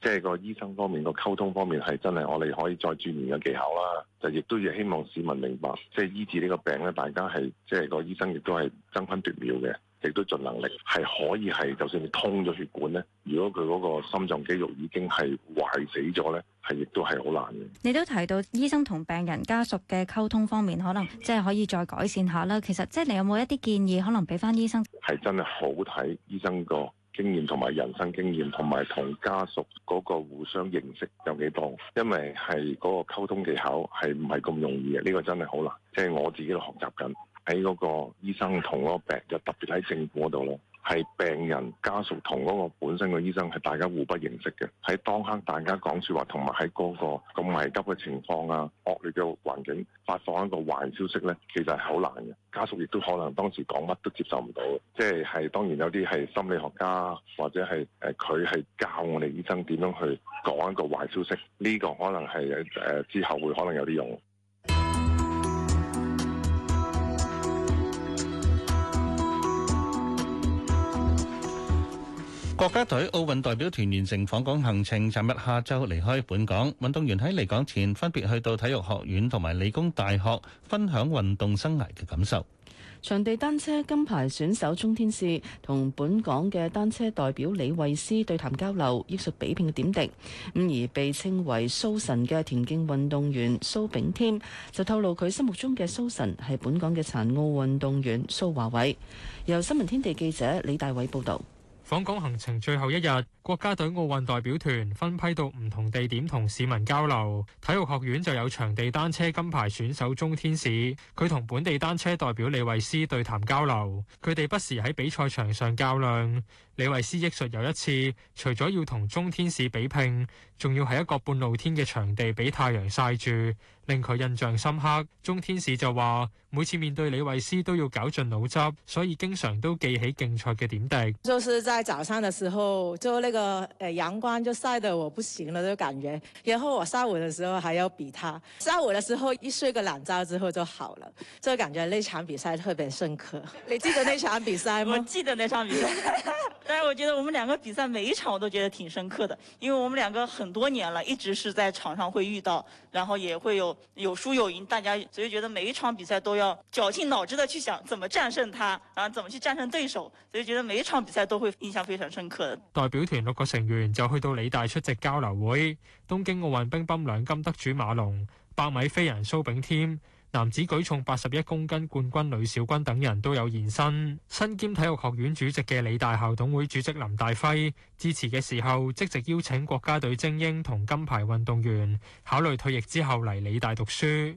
即係個醫生方面、個溝通方面係真係我哋可以再鍛鍊嘅技巧啦。就亦都要希望市民明白，即係醫治呢個病咧，大家係即係個醫生亦都係爭分奪秒嘅。亦都盡能力係可以係，就算你通咗血管咧，如果佢嗰個心臟肌肉已經係壞死咗咧，係亦都係好難嘅。你都提到醫生同病人家屬嘅溝通方面，可能即係可以再改善下啦。其實即係你有冇一啲建議，可能俾翻醫生？係真係好睇醫生個經驗同埋人生經驗，同埋同家屬嗰個互相認識有幾多？因為係嗰個溝通技巧係唔係咁容易嘅？呢個真係好難，即係我自己都學習緊。喺嗰個醫生同嗰個病人，特別喺政府嗰度咧，係病人、家屬同嗰個本身個醫生係大家互不認識嘅。喺當刻大家講説話，同埋喺嗰個咁危急嘅情況啊、惡劣嘅環境，發放一個壞消息咧，其實係好難嘅。家屬亦都可能當時講乜都接受唔到，即係係當然有啲係心理學家或者係誒佢係教我哋醫生點樣去講一個壞消息，呢個可能係誒之後會可能有啲用。國家隊奧運代表團完成訪港行程，尋日下晝離開本港。運動員喺離港前分別去到體育學院同埋理工大學分享運動生涯嘅感受。場地單車金牌選手鍾天使同本港嘅單車代表李慧詩對談交流，憶述比拼嘅點滴。咁而被稱為蘇神嘅田徑運動員蘇炳添就透露佢心目中嘅蘇神係本港嘅殘奧運動員蘇華偉。由新聞天地記者李大偉報導。訪港行程最後一日，國家隊奧運代表團分批到唔同地點同市民交流。體育學院就有場地單車金牌選手鍾天使，佢同本地單車代表李慧詩對談交流。佢哋不時喺比賽場上較量。李慧詩憶述有一次，除咗要同鍾天使比拼，仲要喺一個半露天嘅場地俾太陽曬住，令佢印象深刻。鍾天使就話。每次面對李慧思都要絞盡腦汁，所以經常都記起競賽嘅點滴。就是在早上的時候，就那個誒陽光就曬得我不行了，就感覺。然後我下午的時候還要比他，下午的時候一睡個懶覺之後就好了，就感覺那場比賽特別深刻。你記得那場比賽嗎？ 記得那場比賽。但是我覺得我們兩個比賽每一場我都覺得挺深刻的，因為我們兩個很多年了，一直是在場上會遇到，然後也會有有輸有贏，大家所以覺得每一場比賽都要。絞盡腦汁去想怎麼戰勝他，然後怎麼去戰勝對手，所以覺得每一場比賽都會印象非常深刻。代表團六個成員就去到理大出席交流會，東京奧運乒乓兩金得主馬龍、百米飛人蘇炳添、男子舉重八十一公斤冠軍呂小軍等人都有現身。身兼體育學院主席嘅理大校董會主席林大輝致辭嘅時候，即席邀請國家隊精英同金牌運動員考慮退役之後嚟理大讀書。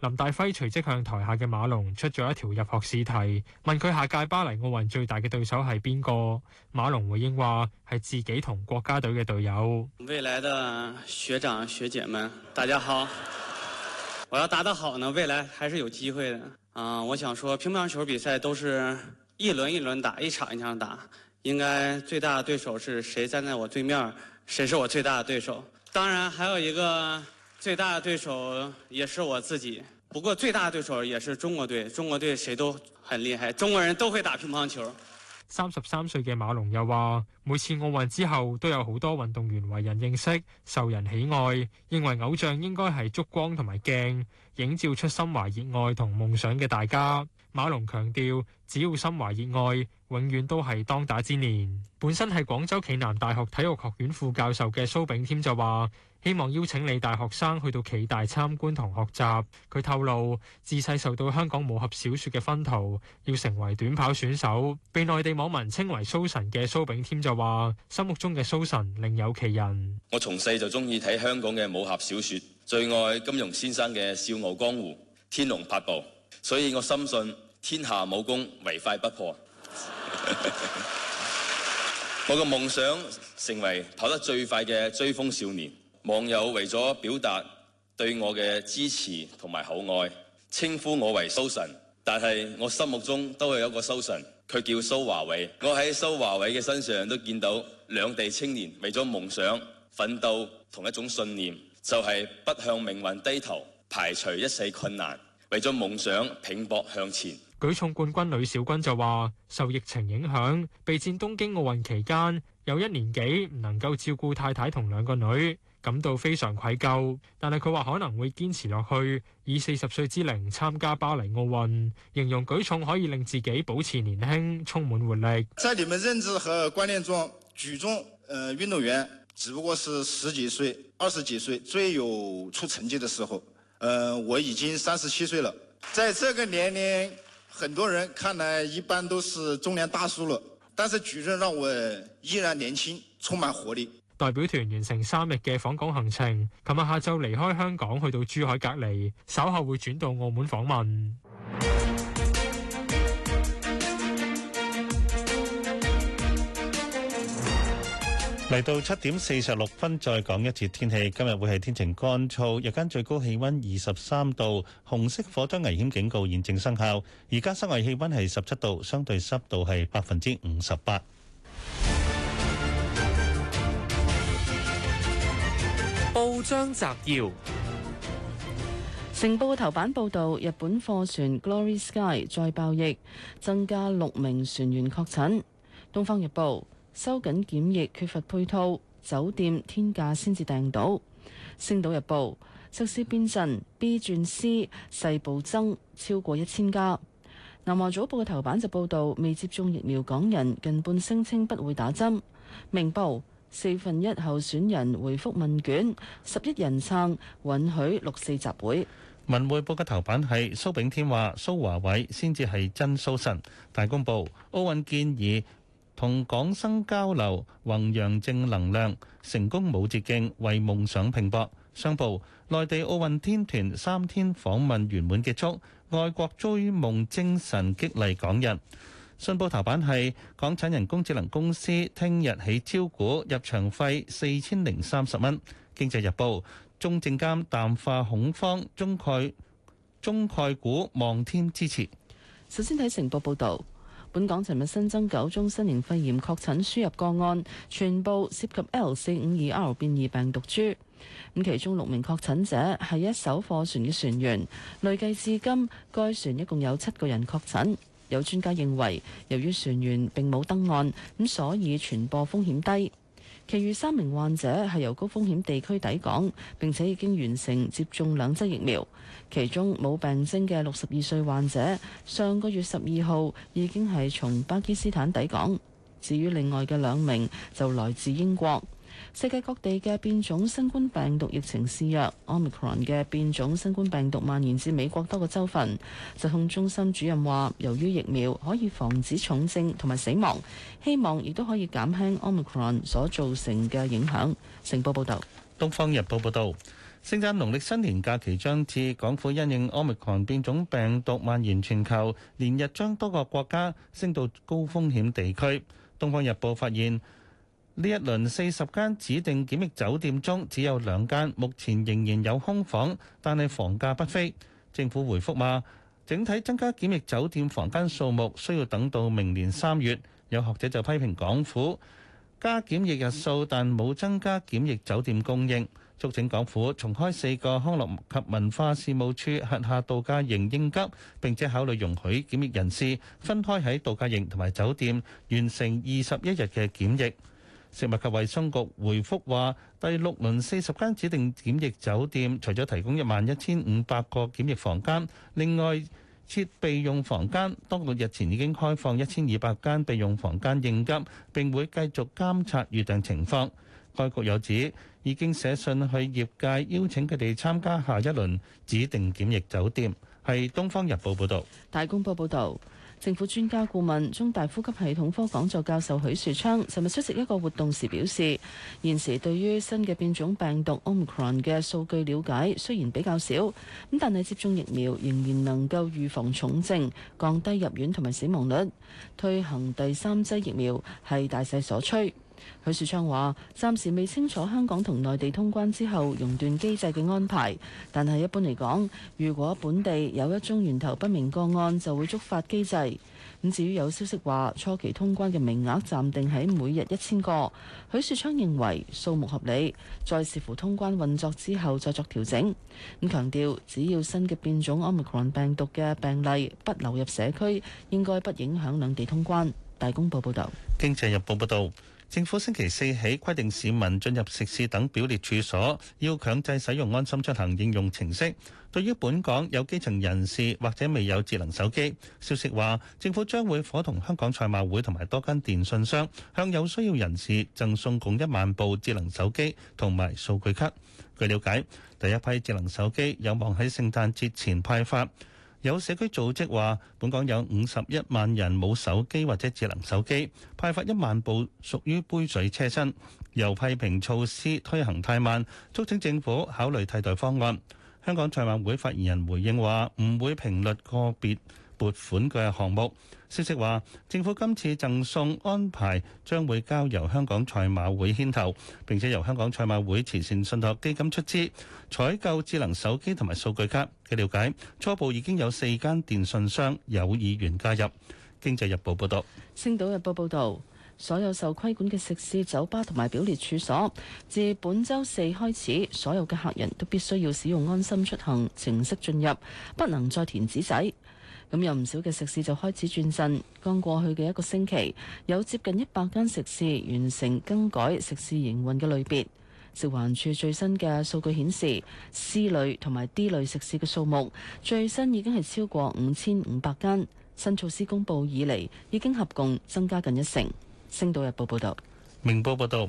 林大輝隨即向台下嘅馬龍出咗一條入學試題，問佢下屆巴黎奧運最大嘅對手係邊個？馬龍回應話係自己同國家隊嘅隊友。未來的學長學姐們，大家好！我要打得好呢，未來還是有機會嘅。啊，uh，我想說乒乓球比賽都是一輪一輪打，一場一場打，應該最大的對手是誰站在我對面，誰是我最大嘅對手？當然還有一個。最大嘅對手也是我自己，不過最大嘅對手也是中國隊。中國隊誰都很厲害，中國人都會打乒乓球。三十三歲嘅馬龍又話，每次奧運之後都有好多運動員為人認識，受人喜愛，認為偶像應該係燭光同埋鏡，映照出心懷熱愛同夢想嘅大家。馬龍強調，只要心懷熱愛，永遠都係當打之年。本身係廣州暨南大學體育學院副教授嘅蘇炳添就話，希望邀請你大學生去到暨大參觀同學習。佢透露自細受到香港武俠小說嘅熏陶要成為短跑選手。被內地網民稱為蘇神嘅蘇炳添就話，心目中嘅蘇神另有其人。我從細就中意睇香港嘅武俠小說，最愛金庸先生嘅《笑傲江湖》《天龍八部》，所以我深信天下武功唯快不破。 我嘅夢想成為跑得最快嘅追風少年。網友為咗表達對我嘅支持同埋厚愛，稱呼我為蘇神，但係我心目中都係有一個蘇神，佢叫蘇華偉。我喺蘇華偉嘅身上都見到兩地青年為咗夢想奮鬥，同一種信念就係不向命運低頭，排除一切困難，為咗夢想拼搏向前。舉重冠軍呂小軍就話：受疫情影響，備戰東京奧運期間有一年幾，唔能夠照顧太太同兩個女。感到非常愧疚，但係佢話可能會堅持落去，以四十歲之齡參加巴黎奧運，形容舉重可以令自己保持年輕，充滿活力。在你們認知和觀念中，舉重，呃，運動員只不過是十幾歲、二十幾歲最有出成績的時候。呃，我已經三十七歲了，在這個年齡，很多人看來一般都是中年大叔了，但是舉重讓我依然年輕，充滿活力。代表團完成三日嘅訪港行程，琴日下晝離開香港，去到珠海隔離，稍後會轉到澳門訪問。嚟到七點四十六分，再講一次天氣。今日會係天晴乾燥，日間最高氣溫二十三度，紅色火災危險警告現正生效。而家室外氣溫係十七度，相對濕度係百分之五十八。報章摘要：成報頭版報道，日本貨船 Glory Sky 再爆疫，增加六名船員確診。東方日報收緊檢疫，缺乏配套，酒店天價先至訂到。星島日報測試邊陣 B 轉 C，細步增超過一千家。南華早報嘅頭版就報道，未接種疫苗港人近半聲稱不會打針。明報。四分一候選人回覆問卷，十一人撐，允許六四集會。文匯報嘅頭版係蘇炳添話：蘇華偉先至係真蘇神。大公報奧運建議同港生交流，弘揚正能量，成功冇捷徑，為夢想拼搏。商報內地奧運天團三天訪問圓滿結束，外國追夢精神激勵港人。信報頭版係港產人工智能公司，聽日起招股，入場費四千零三十蚊。經濟日報，中證監淡化恐慌，中概中概股望天支持。首先睇成報報導，本港尋日新增九宗新型肺炎確診輸入個案，全部涉及 L 四五二 R 變異病毒株。咁其中六名確診者係一艘貨船嘅船員，累計至今該船一共有七個人確診。有專家認為，由於船員並冇登岸，咁所以傳播風險低。其餘三名患者係由高風險地區抵港，並且已經完成接種兩劑疫苗。其中冇病徵嘅六十二歲患者，上個月十二號已經係從巴基斯坦抵港。至於另外嘅兩名就來自英國。世界各地嘅變種新冠病毒疫情肆虐，Omicron 嘅變種新冠病毒蔓延至美國多個州份。疾控中心主任話：由於疫苗可以防止重症同埋死亡，希望亦都可以減輕 Omicron 所造成嘅影響。成報報道：《東方日報》報道，聖誕、農曆新年假期將至，港府因應 Omicron 變種病毒蔓延全球，連日將多個國家升到高風險地區。《東方日報》發現。呢一輪四十間指定檢疫酒店中，只有兩間目前仍然有空房，但係房價不菲。政府回覆話，整體增加檢疫酒店房間數目需要等到明年三月。有學者就批評港府加檢疫日數，但冇增加檢疫酒店供應，促請港府重開四個康樂及文化事務處轄下度假營應急，並且考慮容許檢疫人士分開喺度假營同埋酒店完成二十一日嘅檢疫。食物及衞生局回覆話：第六輪四十間指定檢疫酒店，除咗提供一萬一千五百個檢疫房間，另外設備用房間。當局日前已經開放一千二百間備用房間應急，並會繼續監察預訂情況。該局有指已經寫信去業界，邀請佢哋參加下一輪指定檢疫酒店。係《東方日報，報道》報道，《大公報，報道》報道。政府專家顧問、中大呼吸系統科講座教授許樹昌，尋日出席一個活動時表示，現時對於新嘅變種病毒 Omicron 嘅數據了解雖然比較少，咁但係接種疫苗仍然能夠預防重症、降低入院同埋死亡率。推行第三劑疫苗係大勢所趨。許樹昌話：暫時未清楚香港同內地通關之後熔斷機制嘅安排，但係一般嚟講，如果本地有一宗源頭不明個案，就會觸發機制。咁至於有消息話初期通關嘅名額暫定喺每日一千個，許樹昌認為數目合理，再視乎通關運作之後再作調整。咁強調，只要新嘅變種 Omicron 病毒嘅病例不流入社區，應該不影響兩地通關。大公報報道。《經濟日報》報導。政府星期四起規定市民進入食肆等表列處所要強制使用安心出行應用程式。對於本港有基層人士或者未有智能手機，消息話政府將會伙同香港賽馬會同埋多間電訊商向有需要人士贈送共一萬部智能手機同埋數據卡。據了解，第一批智能手機有望喺聖誕節前派發。有社區組織話，本港有五十一萬人冇手機或者智能手機，派發一萬部屬於杯水車薪，又批評措施推行太慢，促請政府考慮替代方案。香港賽馬會發言人回應話：唔會評論個別撥款嘅項目。消息話，政府今次贈送安排將會交由香港賽馬會牽頭，並且由香港賽馬會慈善信託基金出資採購智能手機同埋數據卡。據了解，初步已經有四間電信商有意願加入。經濟日報報道。《星島日報》報道，所有受規管嘅食肆、酒吧同埋表列處所，自本周四開始，所有嘅客人都必須要使用安心出行程式進入，不能再填紙仔。咁有唔少嘅食肆就開始轉陣。剛過去嘅一個星期，有接近一百間食肆完成更改食肆營運嘅類別。食環署最新嘅數據顯示，C 類同埋 D 類食肆嘅數目，最新已經係超過五千五百間。新措施公布以嚟，已經合共增加近一成。星島日報報道。明報報道。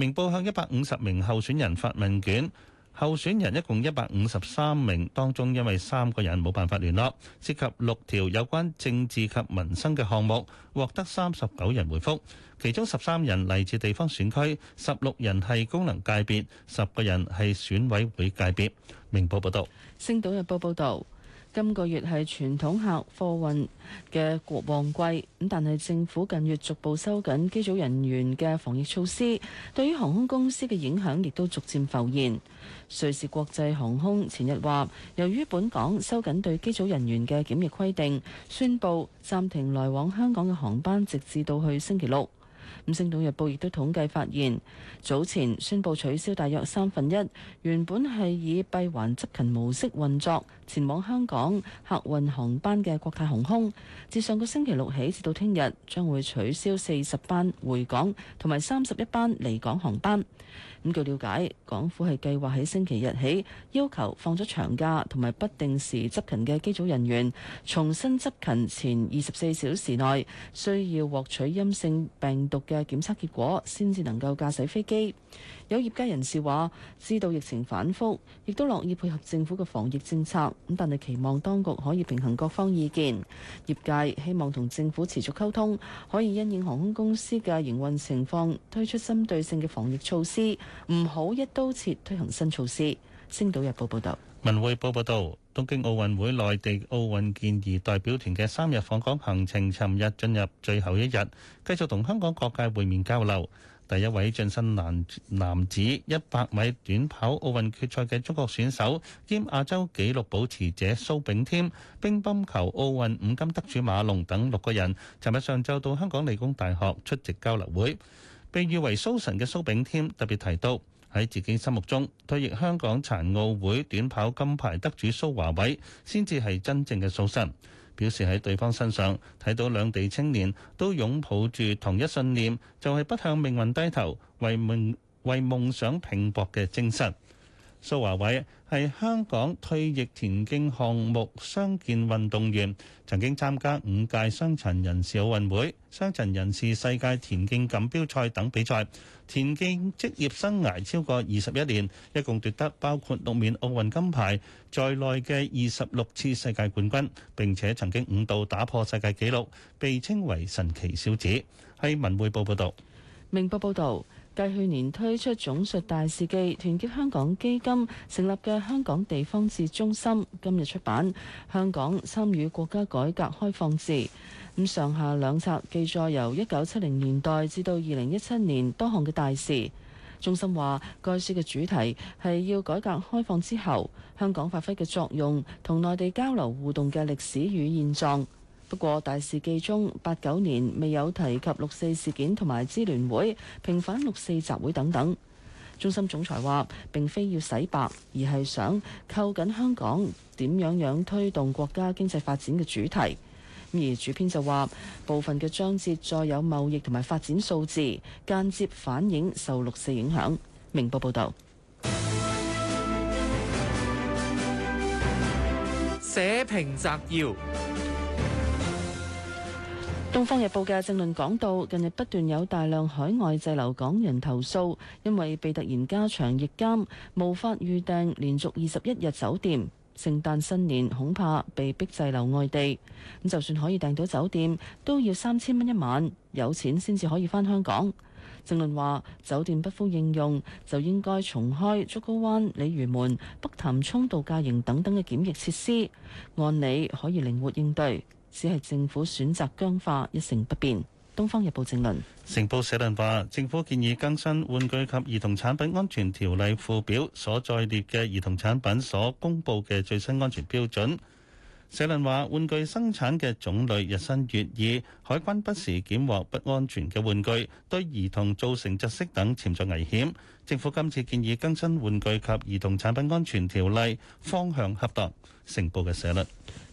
明報向一百五十名候選人發問卷，候選人一共一百五十三名，當中因為三個人冇辦法聯絡，涉及六條有關政治及民生嘅項目，獲得三十九人回覆，其中十三人嚟自地方選區，十六人係功能界別，十個人係選委會界別。明報報道。星島日報報導。今個月係傳統客貨運嘅旺季，咁但係政府近月逐步收緊機組人員嘅防疫措施，對於航空公司嘅影響亦都逐漸浮現。瑞士國際航空前日話，由於本港收緊對機組人員嘅檢疫規定，宣布暫停來往香港嘅航班，直至到去星期六。五《星島日報》亦都統計發現，早前宣布取消大約三分一原本係以閉環執勤模式運作前往香港客運航班嘅國泰航空，自上個星期六起至到聽日，將會取消四十班回港同埋三十一班離港航班。咁據了解，港府係計劃喺星期日起，要求放咗長假同埋不定時執勤嘅機組人員，重新執勤前二十四小時內，需要獲取陰性病毒嘅檢測結果，先至能夠駕駛飛機。有業界人士話：知道疫情反覆，亦都樂意配合政府嘅防疫政策，咁但係期望當局可以平衡各方意見。業界希望同政府持續溝通，可以因應航空公司嘅營運情況，推出針對性嘅防疫措施，唔好一刀切推行新措施。《星島日報》報道。《文匯報》報道，東京奧運會內地奧運健兒代表團嘅三日訪港行程，尋日進入最後一日，繼續同香港各界會面交流。第一位晉身男男子一百米短跑奧運決賽嘅中國選手兼亞洲紀錄保持者蘇炳添、乒乓球奧運五金得主馬龍等六個人，尋日上晝到香港理工大學出席交流會。被譽為蘇神嘅蘇炳添特別提到，喺自己心目中，退役香港殘奧會短跑金牌得主蘇樺偉先至係真正嘅蘇神。表示喺對方身上睇到兩地青年都擁抱住同一信念，就係不向命運低頭，為夢為夢想拼搏嘅精神。蘇華偉係香港退役田徑項目傷健運動員，曾經參加五屆傷殘人士奧運會、傷殘人士世界田徑錦標賽等比賽。田徑職業生涯超過二十一年，一共奪得包括六面奧運金牌在內嘅二十六次世界冠軍，並且曾經五度打破世界紀錄，被稱為神奇小子。係文匯報報道，明報報道。繼去年推出總述大事記，團結香港基金成立嘅香港地方志中心今日出版《香港參與國家改革開放志》。咁上下兩冊記載由一九七零年代至到二零一七年多項嘅大事。中心話，該書嘅主題係要改革開放之後香港發揮嘅作用同內地交流互動嘅歷史與現狀。不過大事記中八九年未有提及六四事件同埋支聯會平反六四集會等等。中心總裁話並非要洗白，而係想扣緊香港點樣樣推動國家經濟發展嘅主題。而主編就話部分嘅章節再有貿易同埋發展數字，間接反映受六四影響。明報報導。社評摘要。《東方日報》嘅政論講到，近日不斷有大量海外滯留港人投訴，因為被突然加長疫監，無法預訂連續二十一日酒店，聖誕新年恐怕被逼滯留外地。咁就算可以訂到酒店，都要三千蚊一晚，有錢先至可以返香港。政論話，酒店不敷應用，就應該重開竹篙灣、鯉魚門、北潭涌度假營等等嘅檢疫設施，按理可以靈活應對。只係政府選擇僵化一成不變。《東方日報》政論，成報社論話：政府建議更新玩具及兒童產品安全條例附表所在列嘅兒童產品所公佈嘅最新安全標準。社論話：玩具生產嘅種類日新月異，海關不時檢獲不安全嘅玩具，對兒童造成窒息等潛在危險。政府今次建議更新玩具及兒童產品安全條例方向恰當。成報嘅社論，《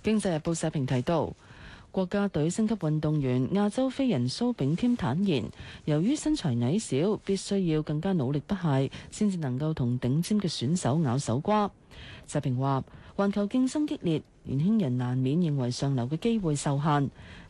經濟日報》社評提到。國家隊升級運動員亞洲飛人蘇炳添坦言，由於身材矮小，必須要更加努力不懈，先至能夠同頂尖嘅選手咬手瓜。社評話，環球競爭激烈，年輕人難免認為上流嘅機會受限。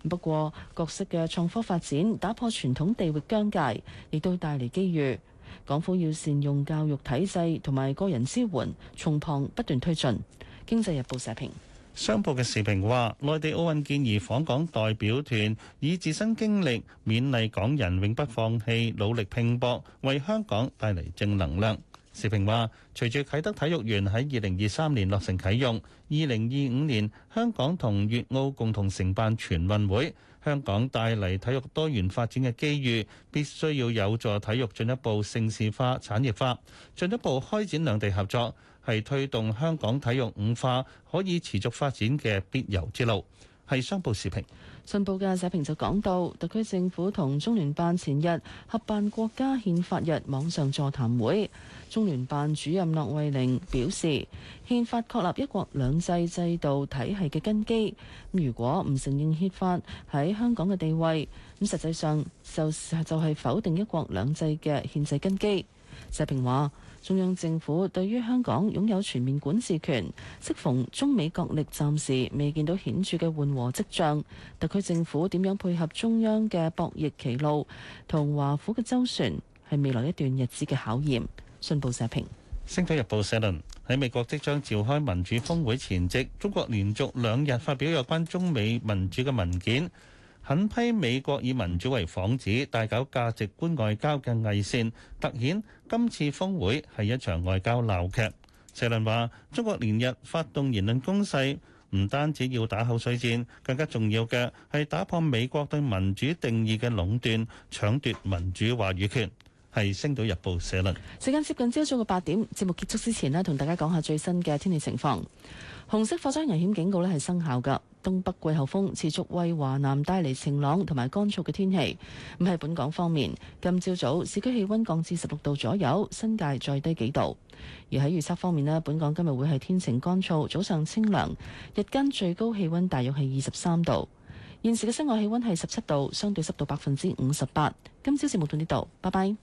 不過，各式嘅創科發展打破傳統地域疆界，亦都帶嚟機遇。港府要善用教育體制同埋個人支援，從旁不斷推進。經濟日報社評。商報嘅時評話，內地奧運健兒訪港代表團以自身經歷勉勵港人永不放棄、努力拼搏，為香港帶嚟正能量。時評話，隨住啟德體育園喺二零二三年落成啟用，二零二五年香港同粵澳共同承辦全運會，香港帶嚟體育多元發展嘅機遇，必須要有助體育進一步盛事化、產業化，進一步開展兩地合作。係推動香港體育五化可以持續發展嘅必由之路。係商報時評，信報嘅社評就講到，特區政府同中聯辦前日合辦國家憲法日網上座談會，中聯辦主任駱惠寧表示，憲法確立一國兩制制度體系嘅根基。如果唔承認憲法喺香港嘅地位，咁實際上就係就係否定一國兩制嘅憲制根基。社評話。中央政府對於香港擁有全面管治權。適逢中美角力，暫時未見到顯著嘅緩和跡象。特區政府點樣配合中央嘅博弈歧路，同華府嘅周旋，係未來一段日子嘅考驗。信報社評。《星島日報》社論喺美國即將召開民主峰會前夕，中國連續兩日發表有關中美民主嘅文件。狠批美國以民主為幌子，大搞價值觀外交嘅偽善，特顯今次峰會係一場外交鬧劇。社論話中國連日發動言論攻勢，唔單止要打口水戰，更加重要嘅係打破美國對民主定義嘅壟斷，搶奪民主話語權，係星島日報社論。時間接近朝早嘅八點，節目結束之前呢，同大家講下最新嘅天氣情況，紅色火災危險警告咧，係生效噶。東北季候風持續為華南帶嚟晴朗同埋乾燥嘅天氣。咁喺本港方面，今朝早市區氣溫降至十六度左右，新界再低幾度。而喺預測方面咧，本港今日會係天晴乾燥，早上清涼，日間最高氣溫大約係二十三度。現時嘅室外氣溫係十七度，相對濕度百分之五十八。今朝節目到呢度，拜拜。